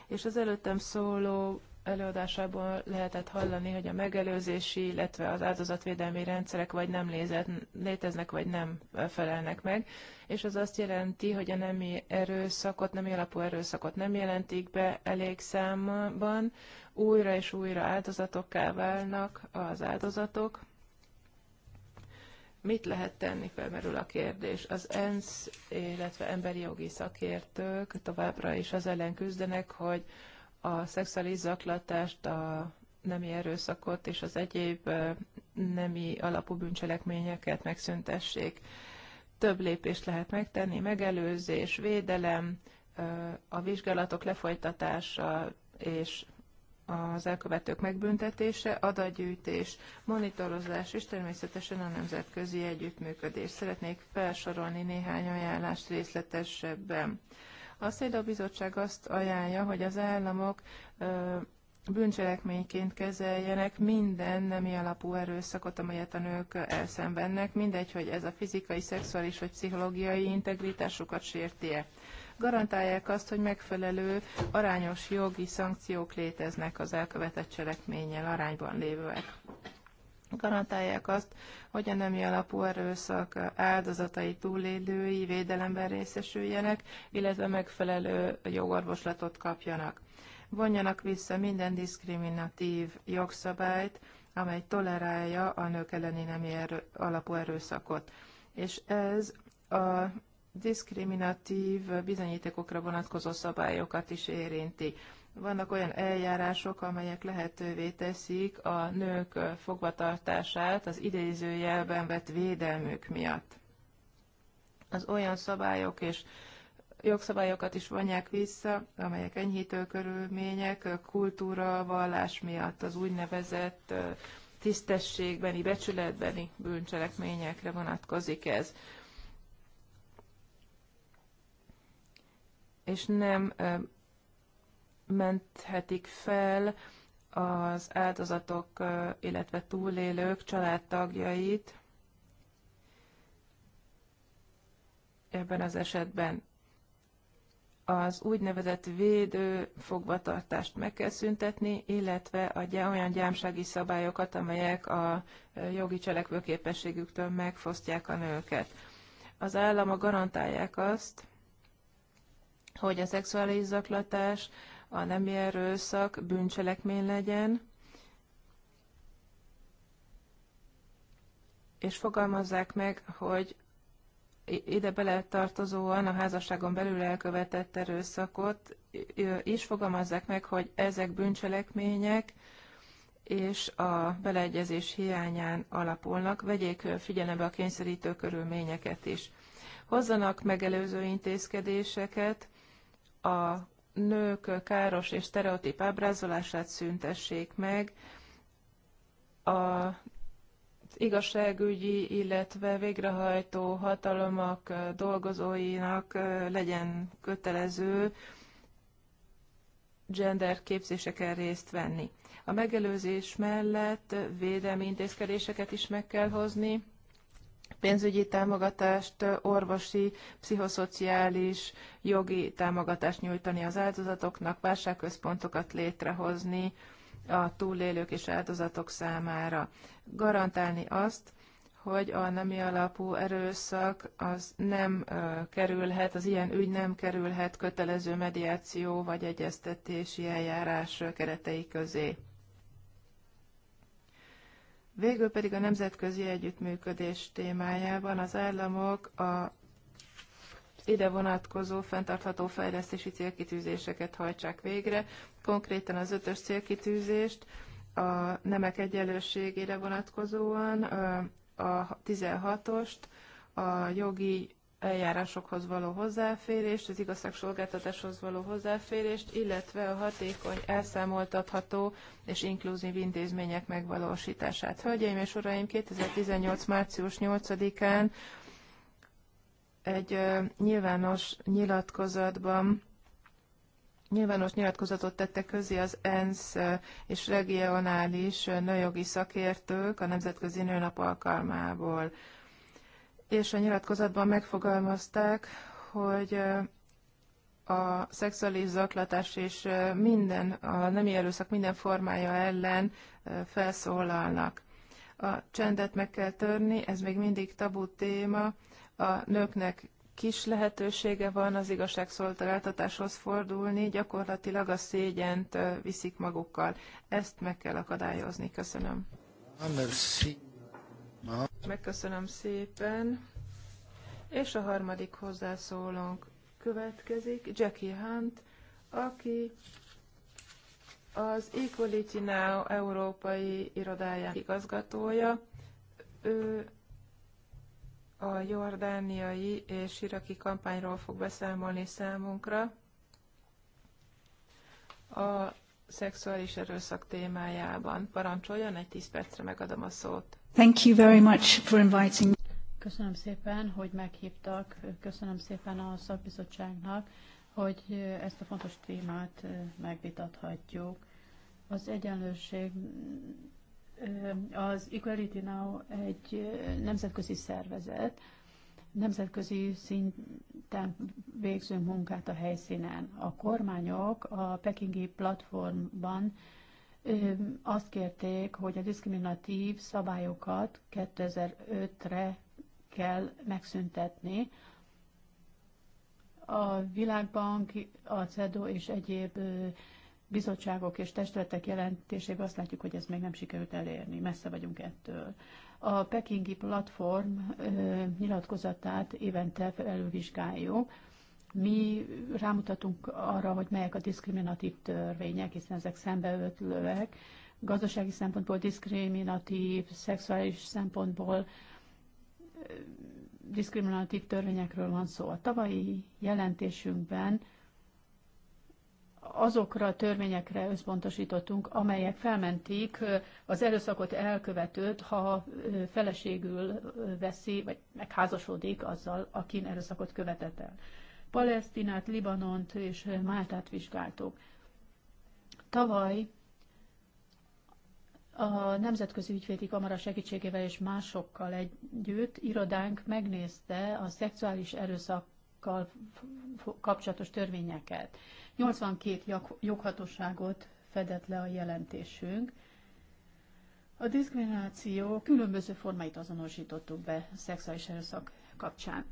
És az előttem szóló előadásából lehetett hallani, hogy a megelőzési, illetve az áldozatvédelmi rendszerek vagy nem léteznek, vagy nem felelnek meg, és az azt jelenti, hogy a nemi erőszakot, nemi alapú erőszakot nem jelentik be elég számban, újra és újra áldozatokká válnak az áldozatok. Mit lehet tenni, felmerül a kérdés. Az ENSZ, illetve emberi jogi szakértők továbbra is az ellen küzdenek, hogy a szexuális zaklatást, a nemi erőszakot és az egyéb nemi alapú bűncselekményeket megszüntessék. Több lépést lehet megtenni, megelőzés, védelem, a vizsgálatok lefolytatása és az elkövetők megbüntetése, adagyűjtés, monitorozás és természetesen a nemzetközi együttműködés. Szeretnék felsorolni néhány ajánlást részletesebben. A SZEDA bizottság azt ajánlja, hogy az államok bűncselekményként kezeljenek minden nemi alapú erőszakot, amelyet a nők elszenvednek, mindegy, hogy ez a fizikai, szexuális vagy pszichológiai integritásukat sérti-e. Garantálják azt, hogy megfelelő, arányos jogi szankciók léteznek az elkövetett cselekménnyel arányban lévőek garantálják azt, hogy a nemi alapú erőszak áldozatai túlélői védelemben részesüljenek, illetve megfelelő jogorvoslatot kapjanak. Vonjanak vissza minden diszkriminatív jogszabályt, amely tolerálja a nők elleni nemi erő, alapú erőszakot. És ez a diszkriminatív bizonyítékokra vonatkozó szabályokat is érinti. Vannak olyan eljárások, amelyek lehetővé teszik a nők fogvatartását az idézőjelben vett védelmük miatt. Az olyan szabályok és jogszabályokat is vonják vissza, amelyek enyhítő körülmények, kultúra, vallás miatt az úgynevezett tisztességbeni, becsületbeni bűncselekményekre vonatkozik ez. És nem menthetik fel az áldozatok, illetve túlélők családtagjait ebben az esetben. Az úgynevezett védő fogvatartást meg kell szüntetni, illetve a olyan gyámsági szabályokat, amelyek a jogi cselekvőképességüktől megfosztják a nőket. Az államok garantálják azt, hogy a szexuális zaklatás, a nemi erőszak bűncselekmény legyen, és fogalmazzák meg, hogy ide bele tartozóan a házasságon belül elkövetett erőszakot is fogalmazzák meg, hogy ezek bűncselekmények, és a beleegyezés hiányán alapulnak, vegyék figyelembe a kényszerítő körülményeket is. Hozzanak megelőző intézkedéseket a nők káros és stereotíp ábrázolását szüntessék meg, a igazságügyi, illetve végrehajtó hatalomak dolgozóinak legyen kötelező gender képzéseken részt venni. A megelőzés mellett védelmi intézkedéseket is meg kell hozni, pénzügyi támogatást, orvosi, pszichoszociális, jogi támogatást nyújtani az áldozatoknak, válságközpontokat létrehozni a túlélők és áldozatok számára. Garantálni azt, hogy a nemi alapú erőszak az nem kerülhet, az ilyen ügy nem kerülhet kötelező mediáció vagy egyeztetési eljárás keretei közé. Végül pedig a nemzetközi együttműködés témájában az államok a ide vonatkozó fenntartható fejlesztési célkitűzéseket hajtsák végre, konkrétan az ötös célkitűzést a nemek egyenlőségére vonatkozóan, a 16-ost, a jogi eljárásokhoz való hozzáférést, az igazságszolgáltatáshoz való hozzáférést, illetve a hatékony, elszámoltatható és inkluzív intézmények megvalósítását. Hölgyeim és Uraim, 2018. március 8-án egy nyilvános nyilatkozatban Nyilvános nyilatkozatot tette közé az ENSZ és regionális nőjogi szakértők a Nemzetközi Nőnap alkalmából és a nyilatkozatban megfogalmazták, hogy a szexuális zaklatás és minden, a nemi erőszak minden formája ellen felszólalnak. A csendet meg kell törni, ez még mindig tabu téma, a nőknek kis lehetősége van az igazságszolgáltatáshoz fordulni, gyakorlatilag a szégyent viszik magukkal. Ezt meg kell akadályozni. Köszönöm. Merci. Megköszönöm szépen. És a harmadik hozzászólónk következik, Jackie Hunt, aki az Equality Now európai Irodáján igazgatója. Ő a jordániai és iraki kampányról fog beszámolni számunkra a szexuális erőszak témájában. Parancsoljon, egy tíz percre megadom a szót. Thank you very much for inviting Köszönöm szépen, hogy meghívtak, köszönöm szépen a szakbizottságnak, hogy ezt a fontos témát megvitathatjuk. Az egyenlőség, az Equality Now egy nemzetközi szervezet, nemzetközi szinten végzünk munkát a helyszínen. A kormányok a pekingi platformban azt kérték, hogy a diszkriminatív szabályokat 2005-re kell megszüntetni. A Világbank, a CEDO és egyéb bizottságok és testületek jelentésében azt látjuk, hogy ezt még nem sikerült elérni, messze vagyunk ettől. A pekingi platform nyilatkozatát évente felülvizsgáljuk, mi rámutatunk arra, hogy melyek a diszkriminatív törvények, hiszen ezek szembeötlőek, gazdasági szempontból diszkriminatív, szexuális szempontból diszkriminatív törvényekről van szó. A tavalyi jelentésünkben azokra a törvényekre összpontosítottunk, amelyek felmentik az erőszakot elkövetőt, ha feleségül veszi, vagy megházasodik azzal, akin erőszakot követett el. Palesztinát, Libanont és Máltát vizsgáltuk. Tavaly a Nemzetközi Ügyvédi Kamara segítségével és másokkal együtt irodánk megnézte a szexuális erőszakkal kapcsolatos törvényeket. 82 joghatóságot fedett le a jelentésünk. A diszkrimináció különböző formáit azonosítottuk be szexuális erőszak kapcsán.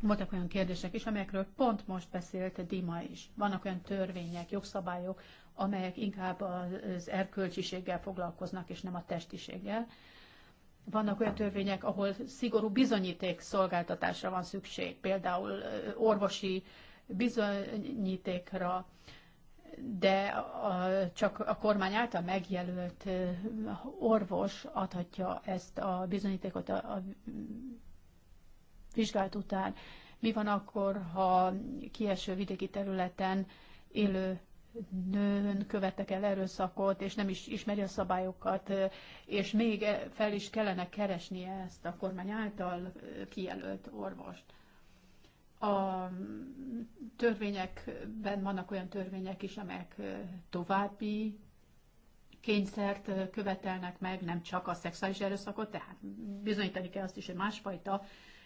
Voltak olyan kérdések is, amelyekről pont most beszélt Dima is. Vannak olyan törvények, jogszabályok, amelyek inkább az erkölcsiséggel foglalkoznak, és nem a testiséggel. Vannak olyan törvények, ahol szigorú bizonyíték szolgáltatásra van szükség, például orvosi bizonyítékra, de a, csak a kormány által megjelölt orvos adhatja ezt a bizonyítékot a, a vizsgált után. Mi van akkor, ha kieső vidéki területen élő nőn követek el erőszakot, és nem is ismeri a szabályokat, és még fel is kellene keresnie ezt a kormány által kijelölt orvost. A törvényekben vannak olyan törvények is, amelyek további kényszert követelnek meg, nem csak a szexuális erőszakot, tehát bizonyítani kell azt is, hogy másfajta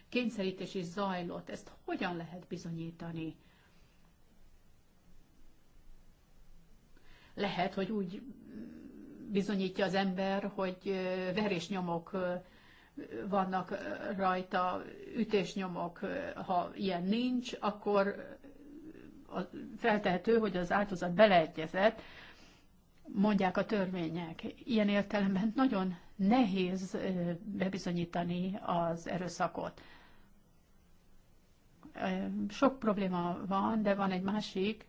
kényszerítés is zajlott. Ezt hogyan lehet bizonyítani? Lehet, hogy úgy bizonyítja az ember, hogy verésnyomok vannak rajta, ütésnyomok, ha ilyen nincs, akkor feltehető, hogy az áldozat beleegyezett, mondják a törvények. Ilyen értelemben nagyon nehéz bebizonyítani az erőszakot. Sok probléma van, de van egy másik,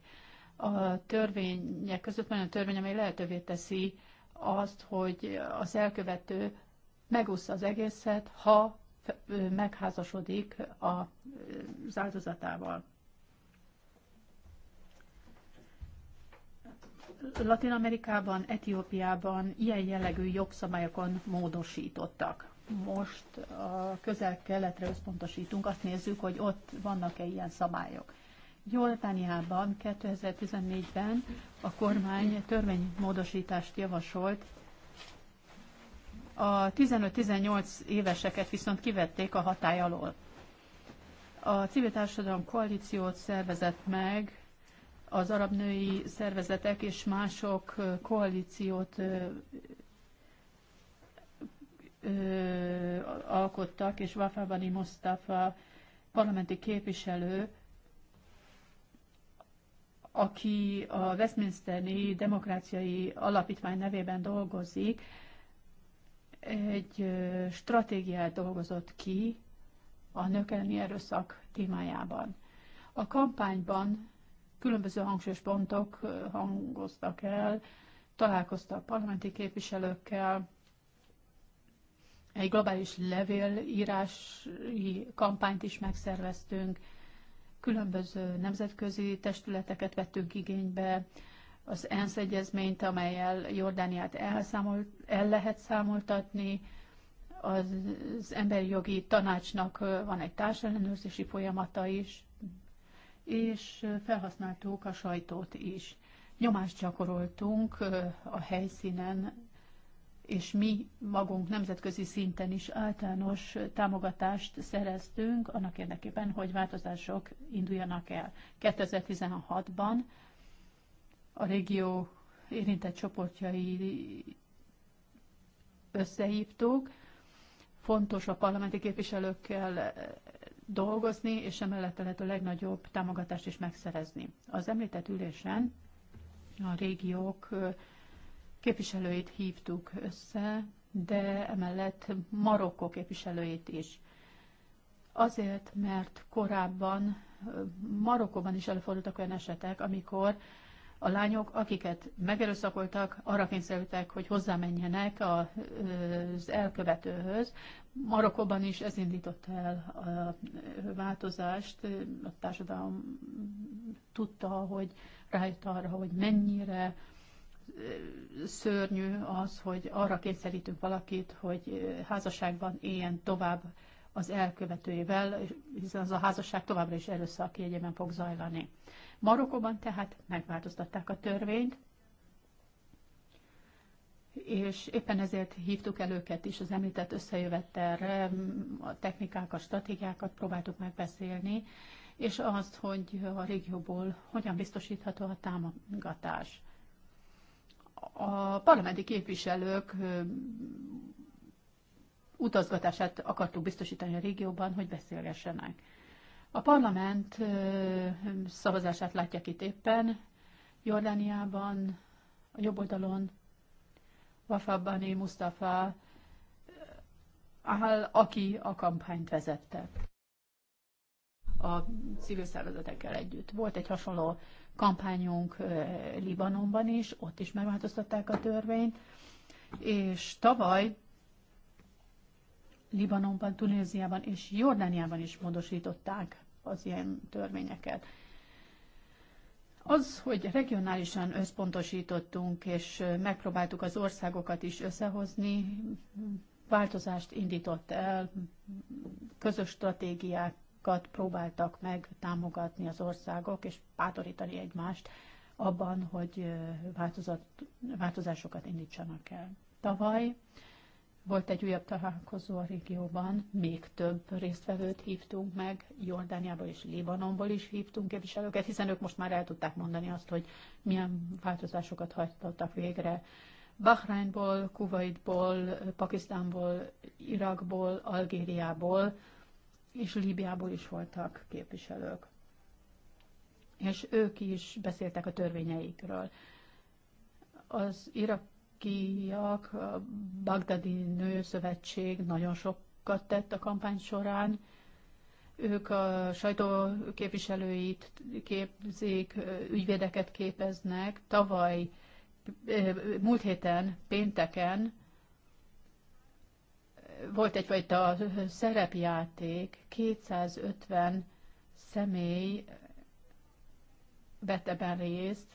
a törvények között van a törvény, amely lehetővé teszi azt, hogy az elkövető megúszza az egészet, ha megházasodik az áldozatával. Latin Amerikában, Etiópiában ilyen jellegű jogszabályokon módosítottak most a közel-keletre összpontosítunk, azt nézzük, hogy ott vannak-e ilyen szabályok. Jordániában 2014-ben a kormány törvénymódosítást javasolt, a 15-18 éveseket viszont kivették a hatály alól. A civil társadalom koalíciót szervezett meg, az arab női szervezetek és mások koalíciót ö, alkottak, és Vafabani Mustafa parlamenti képviselő, aki a Westminsteri Demokráciai Alapítvány nevében dolgozik, egy stratégiát dolgozott ki a nők erőszak témájában. A kampányban különböző hangsúlyos pontok hangoztak el, találkoztak parlamenti képviselőkkel, egy globális levélírási kampányt is megszerveztünk, különböző nemzetközi testületeket vettünk igénybe, az ENSZ egyezményt, amelyel Jordániát elszámolt, el lehet számoltatni, az, az emberi jogi tanácsnak van egy társellenőrzési folyamata is, és felhasználtuk a sajtót is. Nyomást gyakoroltunk a helyszínen és mi magunk nemzetközi szinten is általános támogatást szereztünk annak érdekében, hogy változások induljanak el. 2016-ban a régió érintett csoportjai összehívtuk, fontos a parlamenti képviselőkkel dolgozni, és emellett a lehető legnagyobb támogatást is megszerezni. Az említett ülésen a régiók képviselőit hívtuk össze, de emellett Marokkó képviselőit is. Azért, mert korábban Marokkóban is előfordultak olyan esetek, amikor a lányok, akiket megerőszakoltak, arra kényszerültek, hogy hozzámenjenek az elkövetőhöz. Marokkóban is ez indította el a változást. A társadalom tudta, hogy rájött arra, hogy mennyire szörnyű az, hogy arra kényszerítünk valakit, hogy házasságban éljen tovább az elkövetőjével, hiszen az a házasság továbbra is erőszak jegyében fog zajlani. Marokkóban tehát megváltoztatták a törvényt, és éppen ezért hívtuk el őket is az említett összejövetelre, a technikákat, stratégiákat próbáltuk megbeszélni, és azt, hogy a régióból hogyan biztosítható a támogatás a parlamenti képviselők utazgatását akartuk biztosítani a régióban, hogy beszélgessenek. A parlament szavazását látják itt éppen, Jordániában, a jobb oldalon, Wafabani Mustafa áll, aki a kampányt vezette a civil szervezetekkel együtt. Volt egy hasonló kampányunk Libanonban is, ott is megváltoztatták a törvényt, és tavaly Libanonban, Tunéziában és Jordániában is módosították az ilyen törvényeket. Az, hogy regionálisan összpontosítottunk, és megpróbáltuk az országokat is összehozni, változást indított el, közös stratégiák országokat próbáltak meg támogatni az országok, és bátorítani egymást abban, hogy változat, változásokat indítsanak el. Tavaly volt egy újabb találkozó a régióban, még több résztvevőt hívtunk meg, Jordániából és Libanonból is hívtunk képviselőket, hiszen ők most már el tudták mondani azt, hogy milyen változásokat hajtottak végre. Bahrainból, Kuwaitból, Pakisztánból, Irakból, Algériából és Líbiából is voltak képviselők. És ők is beszéltek a törvényeikről. Az irakiak, a Bagdadi Nőszövetség nagyon sokat tett a kampány során. Ők a sajtóképviselőit képzik, ügyvédeket képeznek. Tavaly, múlt héten, pénteken volt egyfajta szerepjáték, 250 személy vett ebben részt,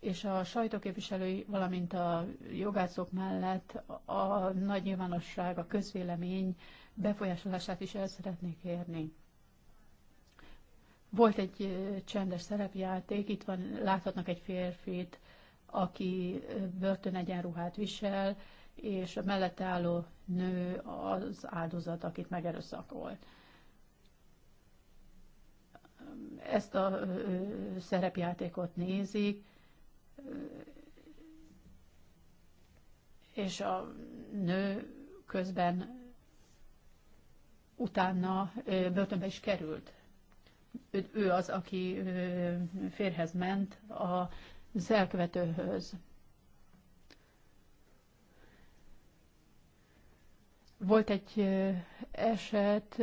és a sajtóképviselői, valamint a jogászok mellett a nagy nyilvánosság, a közvélemény befolyásolását is el szeretnék érni. Volt egy csendes szerepjáték, itt van, láthatnak egy férfit, aki börtönegyenruhát visel, és a mellette álló nő az áldozat, akit megerőszakolt. Ezt a szerepjátékot nézik, és a nő közben utána börtönbe is került. Ő az, aki férhez ment az elkövetőhöz. Volt egy eset,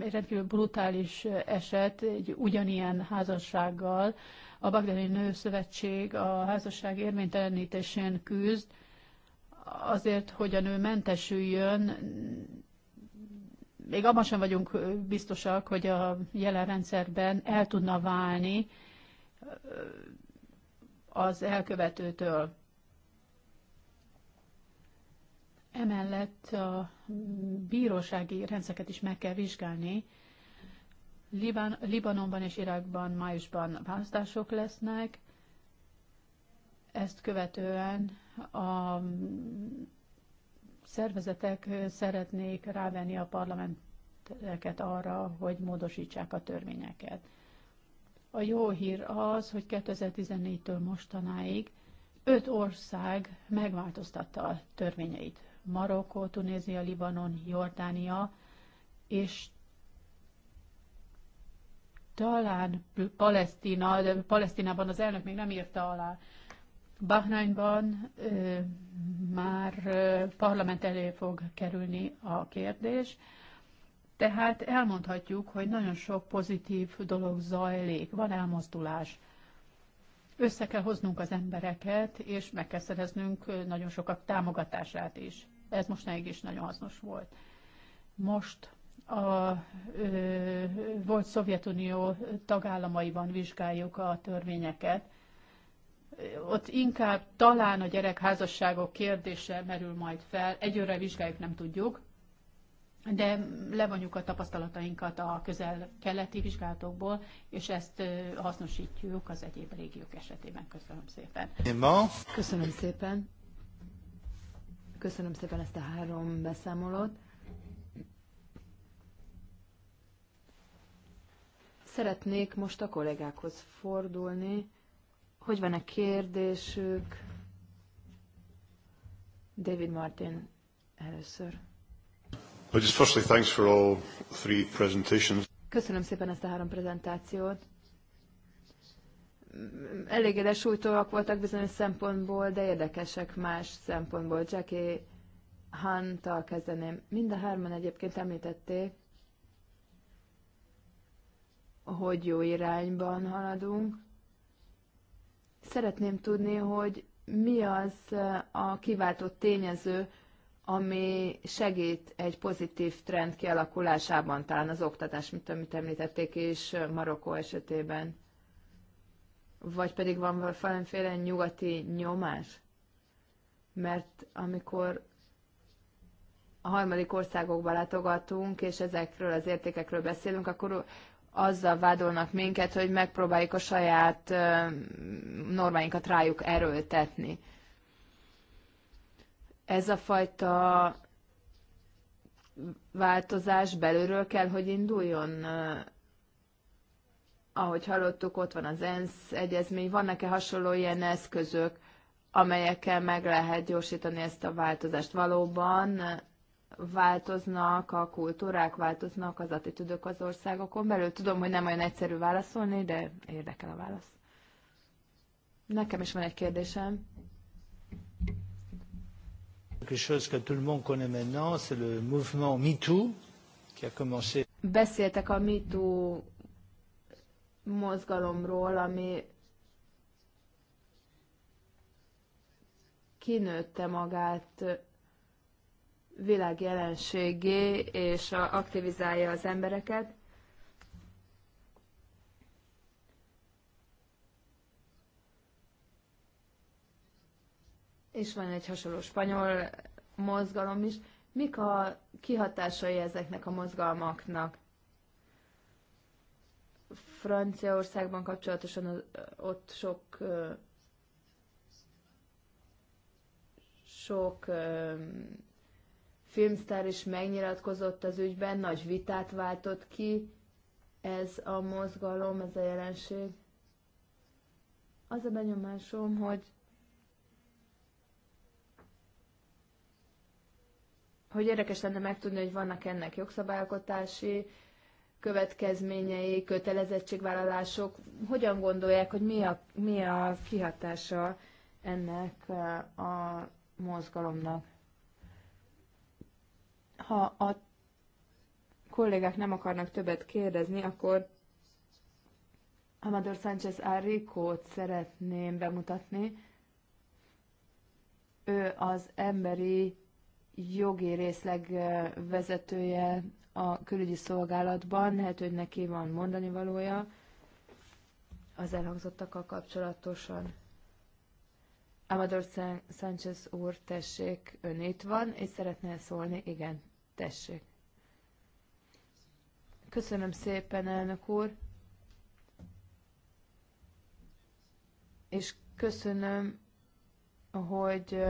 egy rendkívül brutális eset, egy ugyanilyen házassággal. A Bagdadi Nőszövetség a házasság érvénytelenítésén küzd, azért, hogy a nő mentesüljön, még abban sem vagyunk biztosak, hogy a jelen rendszerben el tudna válni az elkövetőtől. Emellett a bírósági rendszereket is meg kell vizsgálni. Liban, Libanonban és Irakban májusban választások lesznek, ezt követően a szervezetek szeretnék rávenni a parlamenteket arra, hogy módosítsák a törvényeket. A jó hír az, hogy 2014-től mostanáig öt ország megváltoztatta a törvényeit. Marokkó, Tunézia, Libanon, Jordánia, és talán Palesztina, de Palesztinában az elnök még nem írta alá. Bahrainban ö, már ö, parlament elé fog kerülni a kérdés, tehát elmondhatjuk, hogy nagyon sok pozitív dolog zajlik, van elmozdulás. Össze kell hoznunk az embereket, és meg kell szereznünk nagyon sokak támogatását is. Ez nekik is nagyon hasznos volt. Most a ö, volt Szovjetunió tagállamaiban vizsgáljuk a törvényeket. Ott inkább talán a gyerekházasságok kérdése merül majd fel. Egyőre vizsgáljuk, nem tudjuk, de levonjuk a tapasztalatainkat a közel-keleti vizsgálatokból, és ezt hasznosítjuk az egyéb régiók esetében. Köszönöm szépen. Köszönöm szépen. Köszönöm szépen ezt a három beszámolót. Szeretnék most a kollégákhoz fordulni, hogy van-e kérdésük. David Martin először. Köszönöm szépen ezt a három prezentációt eléggé súlytóak voltak bizonyos szempontból, de érdekesek más szempontból. Jackie Hunt-tal kezdeném. Mind a hárman egyébként említették, hogy jó irányban haladunk. Szeretném tudni, hogy mi az a kiváltott tényező, ami segít egy pozitív trend kialakulásában, talán az oktatás, mint amit említették is Marokkó esetében vagy pedig van valamiféle nyugati nyomás? Mert amikor a harmadik országokba látogatunk, és ezekről az értékekről beszélünk, akkor azzal vádolnak minket, hogy megpróbáljuk a saját normáinkat rájuk erőltetni. Ez a fajta változás belülről kell, hogy induljon ahogy hallottuk, ott van az ENSZ egyezmény. Vannak-e hasonló ilyen eszközök, amelyekkel meg lehet gyorsítani ezt a változást? Valóban változnak a kultúrák, változnak az attitűdök az országokon belül? Tudom, hogy nem olyan egyszerű válaszolni, de érdekel a válasz. Nekem is van egy kérdésem. Quelque chose que tout le monde connaît maintenant, c'est le mouvement MeToo qui a commencé. Beszéltek a MeToo mozgalomról, ami kinőtte magát világjelenségé, és aktivizálja az embereket. És van egy hasonló spanyol mozgalom is. Mik a kihatásai ezeknek a mozgalmaknak? Franciaországban kapcsolatosan ott sok sok filmsztár is megnyilatkozott az ügyben, nagy vitát váltott ki ez a mozgalom, ez a jelenség. Az a benyomásom, hogy hogy érdekes lenne megtudni, hogy vannak ennek jogszabályalkotási következményei, kötelezettségvállalások, hogyan gondolják, hogy mi a, mi a kihatása ennek eh, a mozgalomnak? Ha a kollégák nem akarnak többet kérdezni, akkor Amador Sánchez Arricót szeretném bemutatni. Ő az emberi jogi részleg eh, vezetője a külügyi szolgálatban, lehet, hogy neki van mondani valója az elhangzottakkal kapcsolatosan. Amador Sánchez úr, tessék, ön itt van, és szeretne szólni? Igen, tessék. Köszönöm szépen, elnök úr. És köszönöm, hogy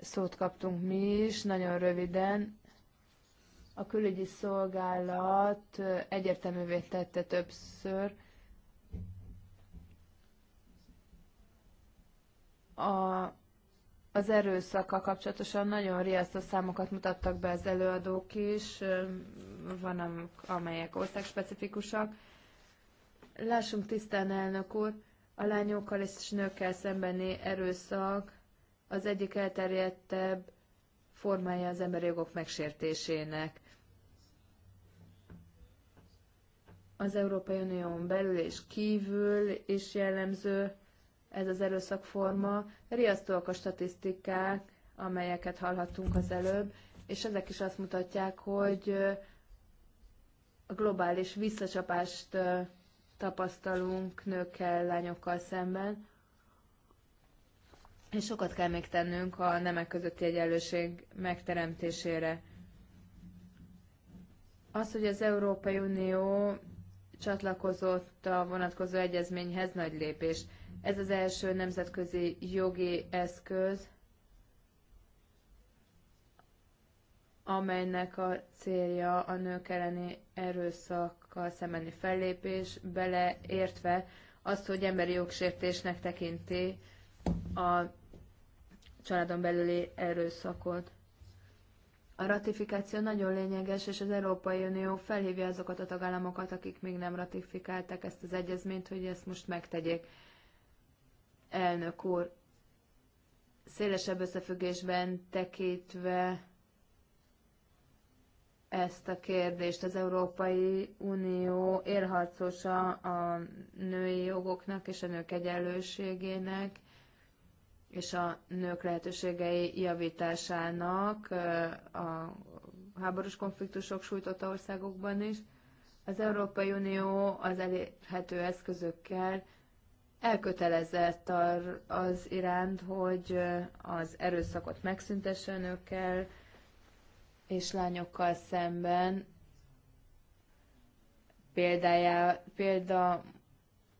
szót kaptunk mi is, nagyon röviden a külügyi szolgálat egyértelművé tette többször, a, az erőszakkal kapcsolatosan nagyon riasztó számokat mutattak be az előadók is, van amelyek országspecifikusak. Lássunk tisztán, elnök úr, a lányokkal és nőkkel szembeni erőszak az egyik elterjedtebb formája az emberi jogok megsértésének. az Európai Unión belül és kívül is jellemző ez az erőszakforma. Riasztóak a statisztikák, amelyeket hallhattunk az előbb, és ezek is azt mutatják, hogy a globális visszacsapást tapasztalunk nőkkel, lányokkal szemben, és sokat kell még tennünk a nemek közötti egyenlőség megteremtésére. Az, hogy az Európai Unió csatlakozott a vonatkozó egyezményhez nagy lépés. Ez az első nemzetközi jogi eszköz, amelynek a célja a nők elleni erőszakkal szembeni fellépés, beleértve azt, hogy emberi jogsértésnek tekinti a családon belüli erőszakot. A ratifikáció nagyon lényeges, és az Európai Unió felhívja azokat a tagállamokat, akik még nem ratifikálták ezt az egyezményt, hogy ezt most megtegyék. Elnök úr, szélesebb összefüggésben tekintve ezt a kérdést. Az Európai Unió élharcosa a női jogoknak és a nők egyenlőségének és a nők lehetőségei javításának a háborús konfliktusok sújtotta országokban is. Az Európai Unió az elérhető eszközökkel elkötelezett az iránt, hogy az erőszakot megszüntesse nőkkel és lányokkal szemben Példája példa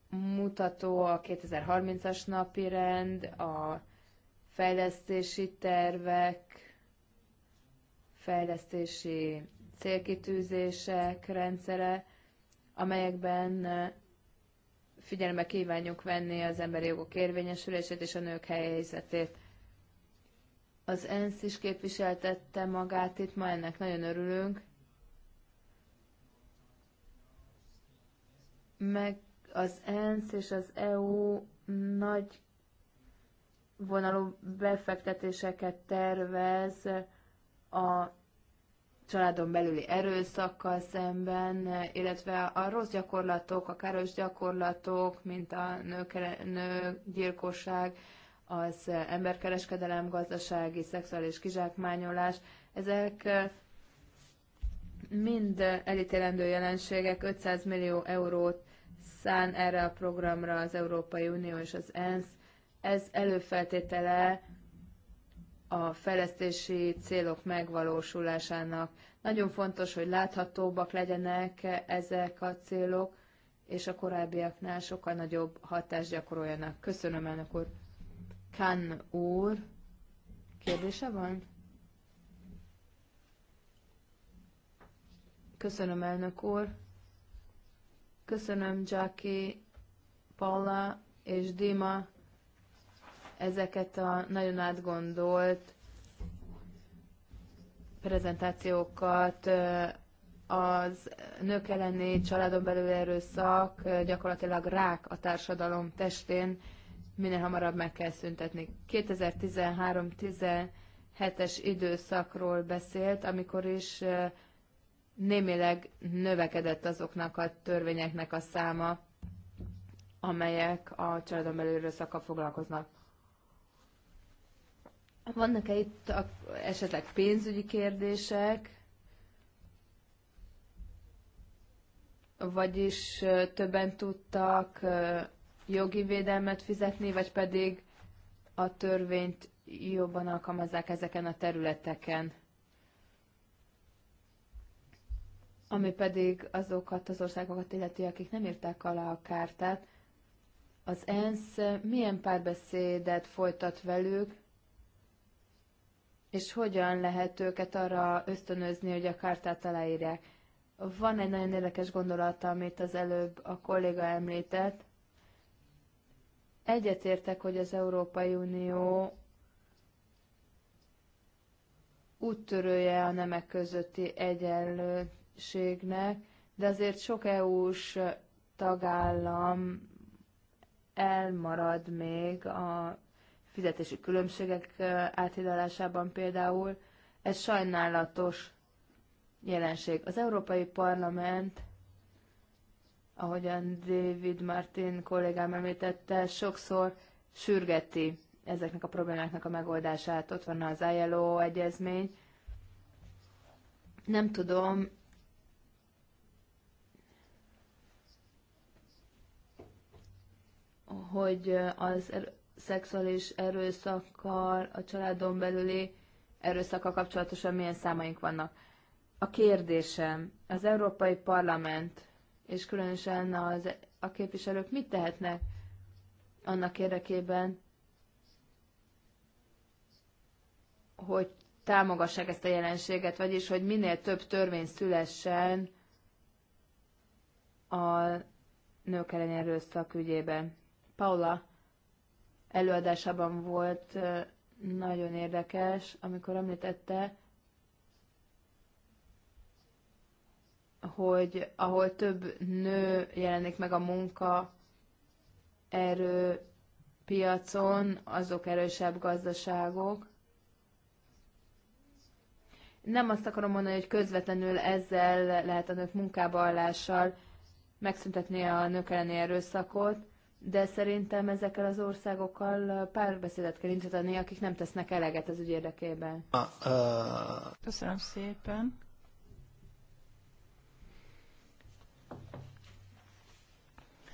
mutató a 2030-as napi rend, a fejlesztési tervek, fejlesztési célkitűzések rendszere, amelyekben figyelembe kívánjuk venni az emberi jogok érvényesülését és a nők helyzetét. Az ENSZ is képviseltette magát itt, ma ennek nagyon örülünk. Meg az ENSZ és az EU nagy vonalú befektetéseket tervez a családon belüli erőszakkal szemben, illetve a rossz gyakorlatok, a káros gyakorlatok, mint a nőgyilkosság, az emberkereskedelem, gazdasági, szexuális kizsákmányolás, ezek mind elítélendő jelenségek, 500 millió eurót szán erre a programra az Európai Unió és az ENSZ. Ez előfeltétele a fejlesztési célok megvalósulásának. Nagyon fontos, hogy láthatóbbak legyenek ezek a célok, és a korábbiaknál sokkal nagyobb hatást gyakoroljanak. Köszönöm, elnök úr. Kan úr, kérdése van? Köszönöm, elnök úr. Köszönöm Jackie, Paula és Dima ezeket a nagyon átgondolt prezentációkat az nők elleni családon belül erőszak gyakorlatilag rák a társadalom testén, minél hamarabb meg kell szüntetni. 2013-17-es időszakról beszélt, amikor is némileg növekedett azoknak a törvényeknek a száma, amelyek a családon belül erőszakkal foglalkoznak. Vannak-e itt a, esetleg pénzügyi kérdések, vagyis többen tudtak jogi védelmet fizetni, vagy pedig a törvényt jobban alkalmazzák ezeken a területeken? ami pedig azokat az országokat illeti, akik nem írták alá a kártát, az ENSZ milyen párbeszédet folytat velük, és hogyan lehet őket arra ösztönözni, hogy a kártát aláírják. Van egy nagyon érdekes gondolata, amit az előbb a kolléga említett. Egyetértek, hogy az Európai Unió úttörője a nemek közötti egyenlő ügynökségnek, de azért sok EU-s tagállam elmarad még a fizetési különbségek áthidalásában például. Ez sajnálatos jelenség. Az Európai Parlament, ahogyan David Martin kollégám említette, sokszor sürgeti ezeknek a problémáknak a megoldását. Ott van az ILO egyezmény. Nem tudom, hogy az er- szexuális erőszakkal, a családon belüli erőszakkal kapcsolatosan milyen számaink vannak. A kérdésem, az Európai Parlament, és különösen az, e- a képviselők mit tehetnek annak érdekében, hogy támogassák ezt a jelenséget, vagyis hogy minél több törvény szülessen a nők elleni erőszak ügyében. Paula előadásában volt nagyon érdekes, amikor említette, hogy ahol több nő jelenik meg a munka erő piacon, azok erősebb gazdaságok. Nem azt akarom mondani, hogy közvetlenül ezzel lehet a nők munkába állással megszüntetni a nők elleni erőszakot, de szerintem ezekkel az országokkal párbeszédet kell indítani, akik nem tesznek eleget az ügy érdekében. Ah, Köszönöm szépen.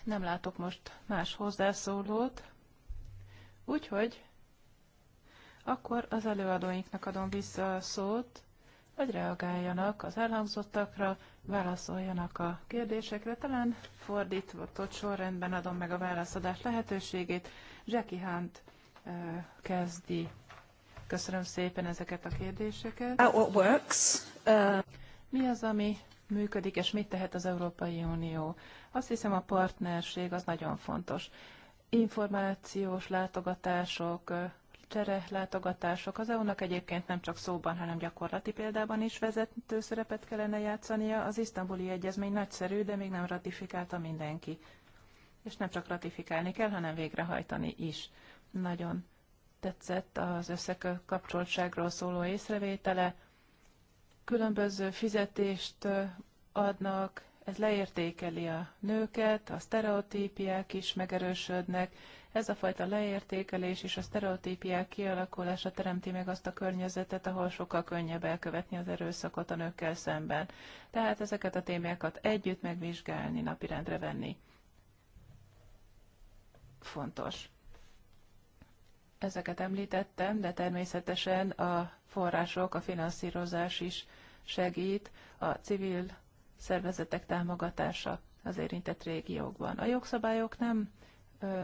Nem látok most más hozzászólót, úgyhogy akkor az előadóinknak adom vissza a szót, hogy reagáljanak az elhangzottakra, válaszoljanak a kérdésekre. Talán fordítva, ott sorrendben adom meg a válaszadás lehetőségét. Jackie Hunt kezdi. Köszönöm szépen ezeket a kérdéseket. What works? Uh... Mi az, ami működik, és mit tehet az Európai Unió? Azt hiszem, a partnerség az nagyon fontos. Információs látogatások, látogatások Az EU-nak egyébként nem csak szóban, hanem gyakorlati példában is vezető szerepet kellene játszania. Az isztambuli egyezmény nagyszerű, de még nem ratifikálta mindenki. És nem csak ratifikálni kell, hanem végrehajtani is. Nagyon tetszett az összekapcsoltságról szóló észrevétele. Különböző fizetést adnak, ez leértékeli a nőket, a sztereotípiák is megerősödnek, ez a fajta leértékelés és a sztereotípiák kialakulása teremti meg azt a környezetet, ahol sokkal könnyebb elkövetni az erőszakot a nőkkel szemben. Tehát ezeket a témákat együtt megvizsgálni, napirendre venni. Fontos. Ezeket említettem, de természetesen a források, a finanszírozás is segít, a civil szervezetek támogatása az érintett régiókban. A jogszabályok nem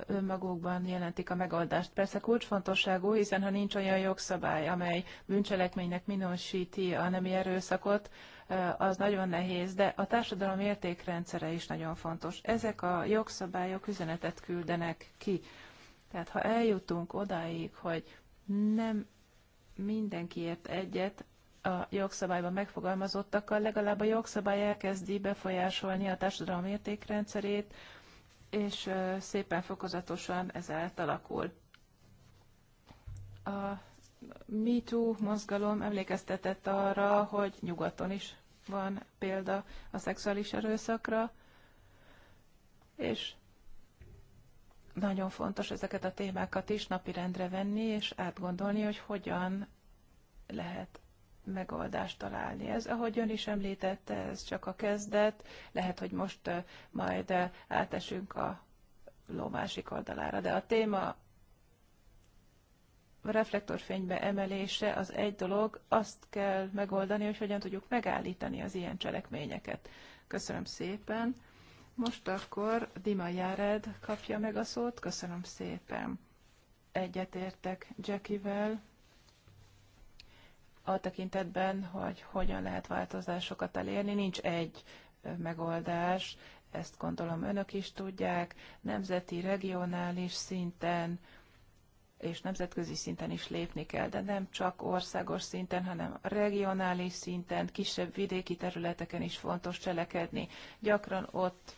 önmagukban jelentik a megoldást. Persze kulcsfontosságú, hiszen ha nincs olyan jogszabály, amely bűncselekménynek minősíti a nemi erőszakot, az nagyon nehéz, de a társadalom értékrendszere is nagyon fontos. Ezek a jogszabályok üzenetet küldenek ki. Tehát ha eljutunk odáig, hogy nem mindenkiért egyet a jogszabályban megfogalmazottakkal, legalább a jogszabály elkezdi befolyásolni a társadalom értékrendszerét, és szépen fokozatosan ez átalakul. A MeToo mozgalom emlékeztetett arra, hogy nyugaton is van példa a szexuális erőszakra, és nagyon fontos ezeket a témákat is napirendre venni, és átgondolni, hogy hogyan lehet megoldást találni. Ez, ahogy ön is említette, ez csak a kezdet, lehet, hogy most majd átesünk a ló másik oldalára, de a téma reflektorfénybe emelése az egy dolog, azt kell megoldani, hogy hogyan tudjuk megállítani az ilyen cselekményeket. Köszönöm szépen. Most akkor Dima Jared kapja meg a szót. Köszönöm szépen. Egyetértek Jackivel a tekintetben, hogy hogyan lehet változásokat elérni. Nincs egy megoldás, ezt gondolom önök is tudják, nemzeti, regionális szinten és nemzetközi szinten is lépni kell, de nem csak országos szinten, hanem regionális szinten, kisebb vidéki területeken is fontos cselekedni. Gyakran ott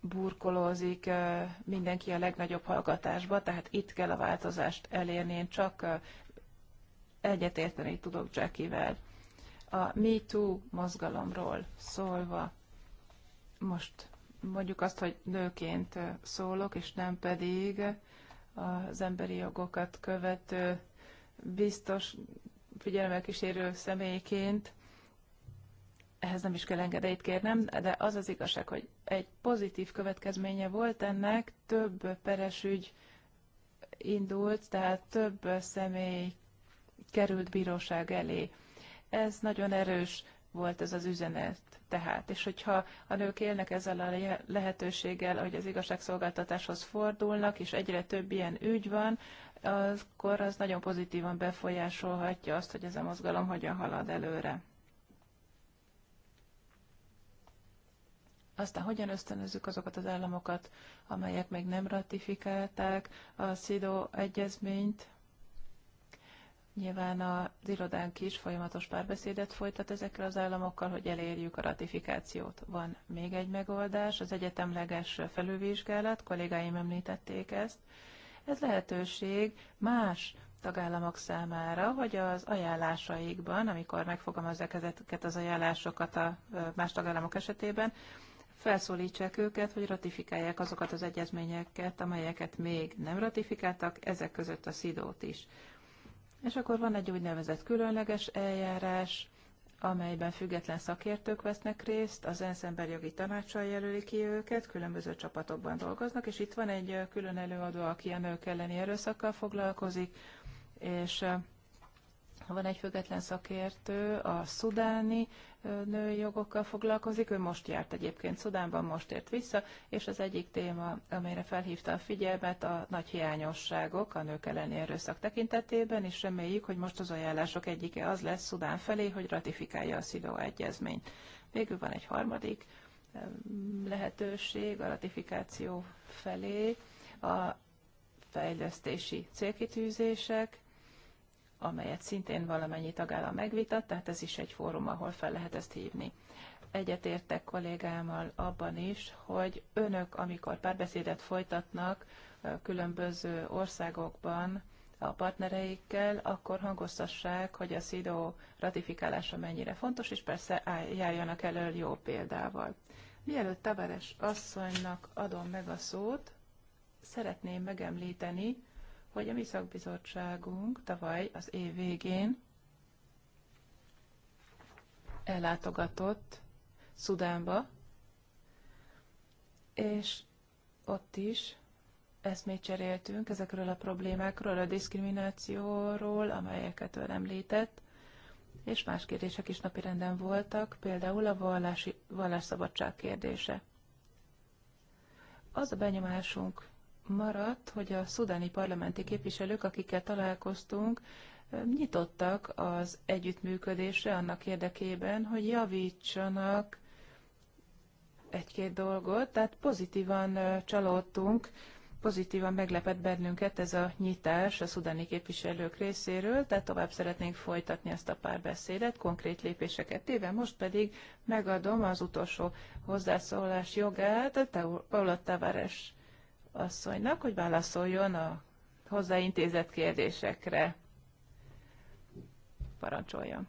burkolózik mindenki a legnagyobb hallgatásba, tehát itt kell a változást elérni. Én csak egyetérteni tudok Jackivel. A Me Too mozgalomról szólva most mondjuk azt, hogy nőként szólok, és nem pedig az emberi jogokat követő biztos figyelemmel kísérő személyként, ehhez nem is kell engedélyt kérnem, de az az igazság, hogy egy pozitív következménye volt ennek, több peres ügy indult, tehát több személy került bíróság elé. Ez nagyon erős volt ez az üzenet. Tehát, és hogyha a nők élnek ezzel a lehetőséggel, hogy az igazságszolgáltatáshoz fordulnak, és egyre több ilyen ügy van, akkor az nagyon pozitívan befolyásolhatja azt, hogy ez a mozgalom hogyan halad előre. Aztán hogyan ösztönözzük azokat az államokat, amelyek még nem ratifikálták a SZIDO egyezményt, Nyilván az irodánk is folyamatos párbeszédet folytat ezekkel az államokkal, hogy elérjük a ratifikációt. Van még egy megoldás, az egyetemleges felülvizsgálat, kollégáim említették ezt. Ez lehetőség más tagállamok számára, hogy az ajánlásaikban, amikor megfogalmazzák ezeket az ajánlásokat a más tagállamok esetében, felszólítsák őket, hogy ratifikálják azokat az egyezményeket, amelyeket még nem ratifikáltak, ezek között a szidót is. És akkor van egy úgynevezett különleges eljárás, amelyben független szakértők vesznek részt, az ENSZ emberjogi tanácsal jelöli ki őket, különböző csapatokban dolgoznak, és itt van egy külön előadó, aki a nők elleni erőszakkal foglalkozik, és van egy független szakértő, a szudáni nőjogokkal foglalkozik, ő most járt egyébként Szudánban, most ért vissza, és az egyik téma, amire felhívta a figyelmet, a nagy hiányosságok a nők elleni erőszak tekintetében, és reméljük, hogy most az ajánlások egyike az lesz Szudán felé, hogy ratifikálja a Szidó egyezményt. Végül van egy harmadik lehetőség a ratifikáció felé, a fejlesztési célkitűzések, amelyet szintén valamennyi tagállam megvitat, tehát ez is egy fórum, ahol fel lehet ezt hívni. Egyetértek kollégámmal abban is, hogy önök, amikor párbeszédet folytatnak különböző országokban a partnereikkel, akkor hangoztassák, hogy a SZIDO ratifikálása mennyire fontos, és persze járjanak elő jó példával. Mielőtt Tavares asszonynak adom meg a szót, szeretném megemlíteni, hogy a mi szakbizottságunk tavaly az év végén ellátogatott Szudánba, és ott is eszmét cseréltünk ezekről a problémákról, a diszkriminációról, amelyeket ő említett, és más kérdések is napirenden voltak, például a vallási, vallásszabadság kérdése. Az a benyomásunk maradt, hogy a szudáni parlamenti képviselők, akikkel találkoztunk, nyitottak az együttműködésre annak érdekében, hogy javítsanak egy-két dolgot, tehát pozitívan csalódtunk, pozitívan meglepett bennünket ez a nyitás a szudáni képviselők részéről, tehát tovább szeretnénk folytatni ezt a párbeszédet, konkrét lépéseket téve. Most pedig megadom az utolsó hozzászólás jogát Paula Tavares asszonynak, hogy válaszoljon a hozzáintézett kérdésekre. Parancsoljon.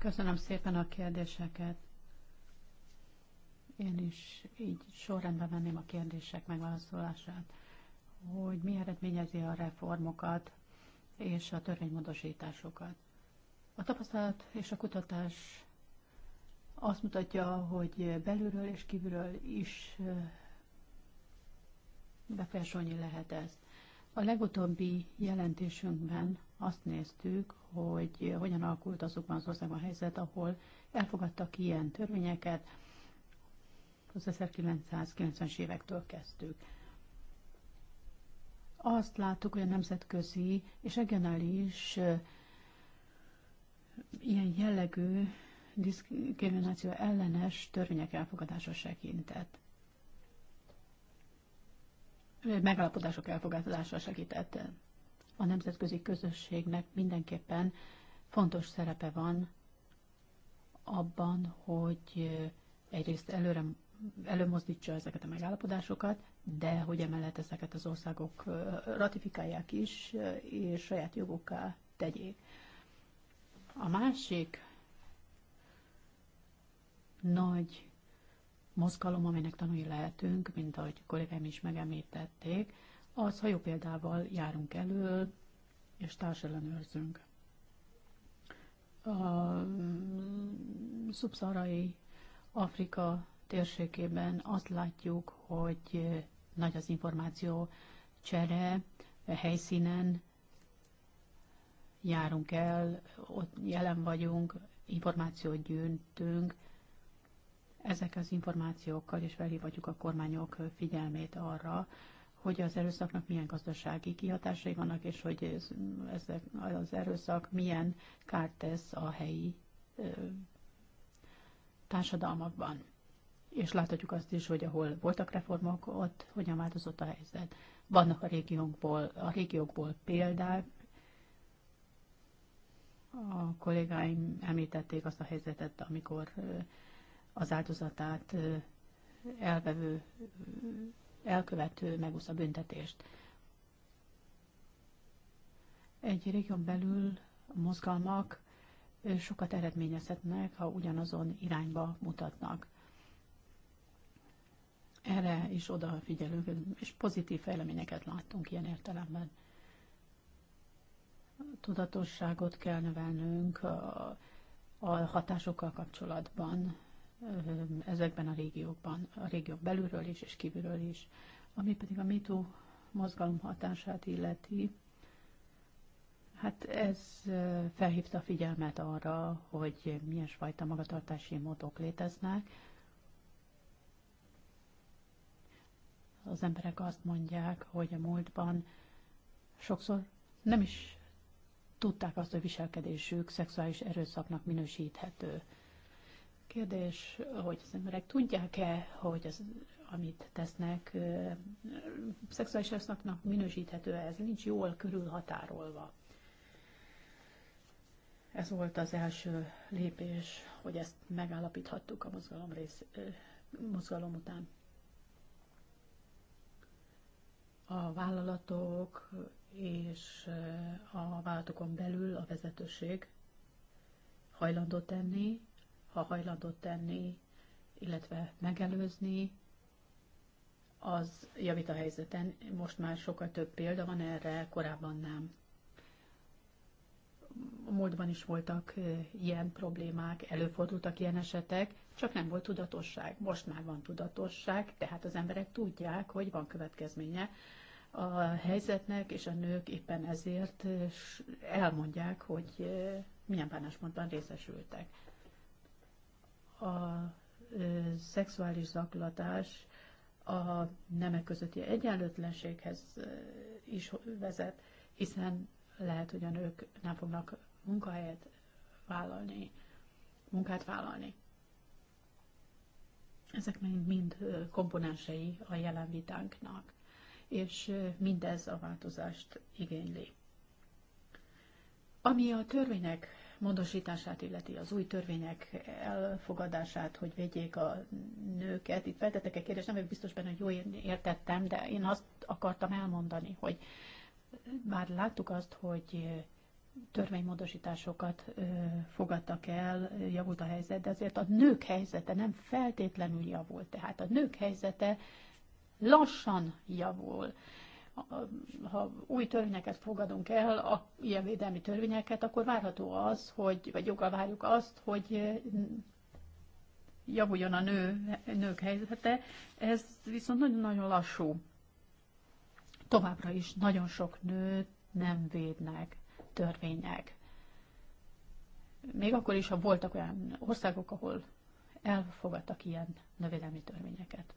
Köszönöm szépen a kérdéseket. Én is így sorrendben venném a kérdések megválaszolását, hogy mi eredményezi a reformokat és a törvénymódosításokat. A tapasztalat és a kutatás azt mutatja, hogy belülről és kívülről is befolyásolni lehet ezt. A legutóbbi jelentésünkben azt néztük, hogy hogyan alakult azokban az országban a helyzet, ahol elfogadtak ilyen törvényeket, az 1990-es évektől kezdtük. Azt láttuk, hogy a nemzetközi és regionális ilyen jellegű diszkrimináció ellenes törvények elfogadása segített megállapodások elfogadása segített. A nemzetközi közösségnek mindenképpen fontos szerepe van abban, hogy egyrészt előre, előmozdítsa ezeket a megállapodásokat, de hogy emellett ezeket az országok ratifikálják is, és saját jogokká tegyék. A másik nagy mozgalom, aminek tanulni lehetünk, mint ahogy kollégám is megemlítették, az, ha jó példával járunk elő, és társellenőrzünk. A mm, szubszarai Afrika térségében azt látjuk, hogy nagy az információ csere, helyszínen járunk el, ott jelen vagyunk, információt gyűjtünk, ezek az információkkal is felhívhatjuk a kormányok figyelmét arra, hogy az erőszaknak milyen gazdasági kihatásai vannak, és hogy ez, ezek, az erőszak milyen kárt tesz a helyi ö, társadalmakban. És láthatjuk azt is, hogy ahol voltak reformok, ott hogyan változott a helyzet. Vannak a régiókból, a régiókból példák, a kollégáim említették azt a helyzetet, amikor ö, az áldozatát elvevő, elkövető megúsz a büntetést. Egy régión belül a mozgalmak sokat eredményezhetnek, ha ugyanazon irányba mutatnak. Erre is odafigyelünk, és pozitív fejleményeket láttunk ilyen értelemben. Tudatosságot kell növelnünk a hatásokkal kapcsolatban, ezekben a régiókban, a régiók belülről is és kívülről is. Ami pedig a mitú mozgalom hatását illeti, hát ez felhívta a figyelmet arra, hogy milyen fajta magatartási módok léteznek. Az emberek azt mondják, hogy a múltban sokszor nem is tudták azt, hogy viselkedésük szexuális erőszaknak minősíthető Kérdés, hogy az emberek tudják-e, hogy az, amit tesznek, szexuális erőszaknak minősíthető -e? ez, nincs jól körülhatárolva. Ez volt az első lépés, hogy ezt megállapíthattuk a mozgalom, rész, mozgalom után. A vállalatok és a vállalatokon belül a vezetőség hajlandó tenni, ha hajlandott tenni, illetve megelőzni, az javít a helyzeten. Most már sokkal több példa van erre, korábban nem. A múltban is voltak ilyen problémák, előfordultak ilyen esetek, csak nem volt tudatosság. Most már van tudatosság, tehát az emberek tudják, hogy van következménye a helyzetnek, és a nők éppen ezért elmondják, hogy milyen bánásmódban részesültek a szexuális zaklatás a nemek közötti egyenlőtlenséghez is vezet, hiszen lehet, hogy a nők nem fognak munkahelyet vállalni, munkát vállalni. Ezek mind, mind komponensei a jelen vitánknak, és mindez a változást igényli. Ami a törvények módosítását illeti, az új törvények elfogadását, hogy védjék a nőket. Itt feltettek egy kérdést, nem vagyok biztos benne, hogy jól értettem, de én azt akartam elmondani, hogy bár láttuk azt, hogy törvénymódosításokat fogadtak el, javult a helyzet, de azért a nők helyzete nem feltétlenül javult. Tehát a nők helyzete lassan javul ha új törvényeket fogadunk el, a, ilyen védelmi törvényeket, akkor várható az, hogy, vagy joggal várjuk azt, hogy javuljon a nő, nők helyzete. Ez viszont nagyon-nagyon lassú. Továbbra is nagyon sok nőt nem védnek törvények. Még akkor is, ha voltak olyan országok, ahol elfogadtak ilyen növédelmi törvényeket.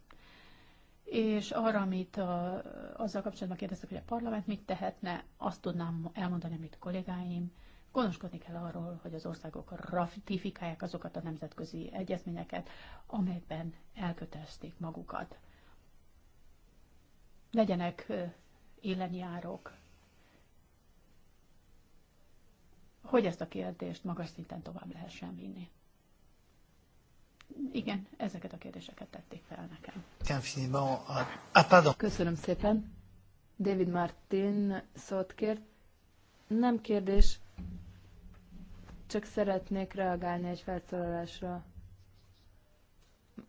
És arra, amit a azzal kapcsolatban kérdeztek, hogy a parlament mit tehetne, azt tudnám elmondani, amit kollégáim. Gondoskodni kell arról, hogy az országok ratifikálják azokat a nemzetközi egyezményeket, amelyben elkötelezték magukat. Legyenek élenjárók. Hogy ezt a kérdést magas szinten tovább lehessen vinni. Igen, ezeket a kérdéseket tették fel nekem. Ah, ah, Köszönöm szépen. David Martin szót kért. Nem kérdés, csak szeretnék reagálni egy felszólalásra.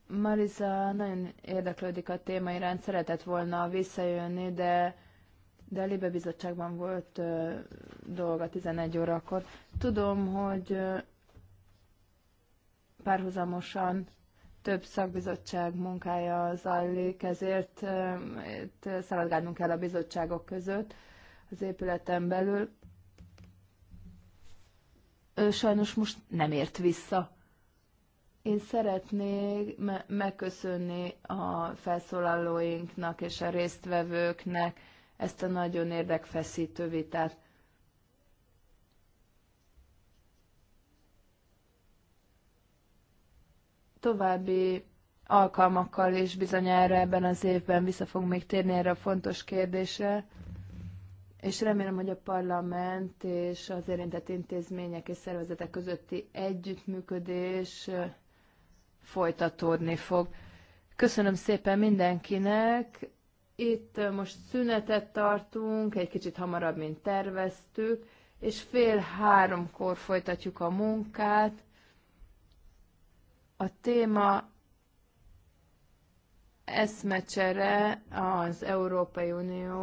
Marisa nagyon érdeklődik a téma iránt, szeretett volna visszajönni, de, de a Libe Bizottságban volt ö, dolga 11 órakor. Tudom, hogy ö, párhuzamosan több szakbizottság munkája zajlik, ezért itt szaladgálnunk kell a bizottságok között az épületen belül. Ő sajnos most nem ért vissza. Én szeretnék me- megköszönni a felszólalóinknak és a résztvevőknek ezt a nagyon érdekfeszítő vitát. további alkalmakkal is bizonyára ebben az évben vissza fog még térni erre a fontos kérdésre, és remélem, hogy a parlament és az érintett intézmények és szervezetek közötti együttműködés folytatódni fog. Köszönöm szépen mindenkinek. Itt most szünetet tartunk, egy kicsit hamarabb, mint terveztük, és fél háromkor folytatjuk a munkát. A téma eszmecsere az Európai Unió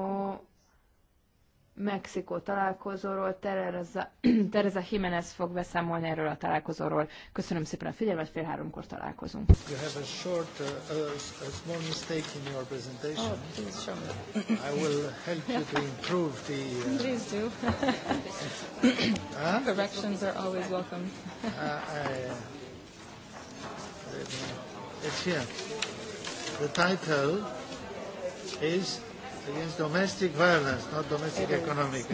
Mexikó találkozóról. Tereza, Tereza Jimenez fog beszámolni erről a találkozóról. Köszönöm szépen a figyelmet, fél háromkor találkozunk. You have a short, uh, a small mistake in your presentation. Oh, please show me. I will help you to improve the... Uh... Please do. huh? Corrections are always welcome. uh, I, It's here. The title is against domestic violence, not domestic economic.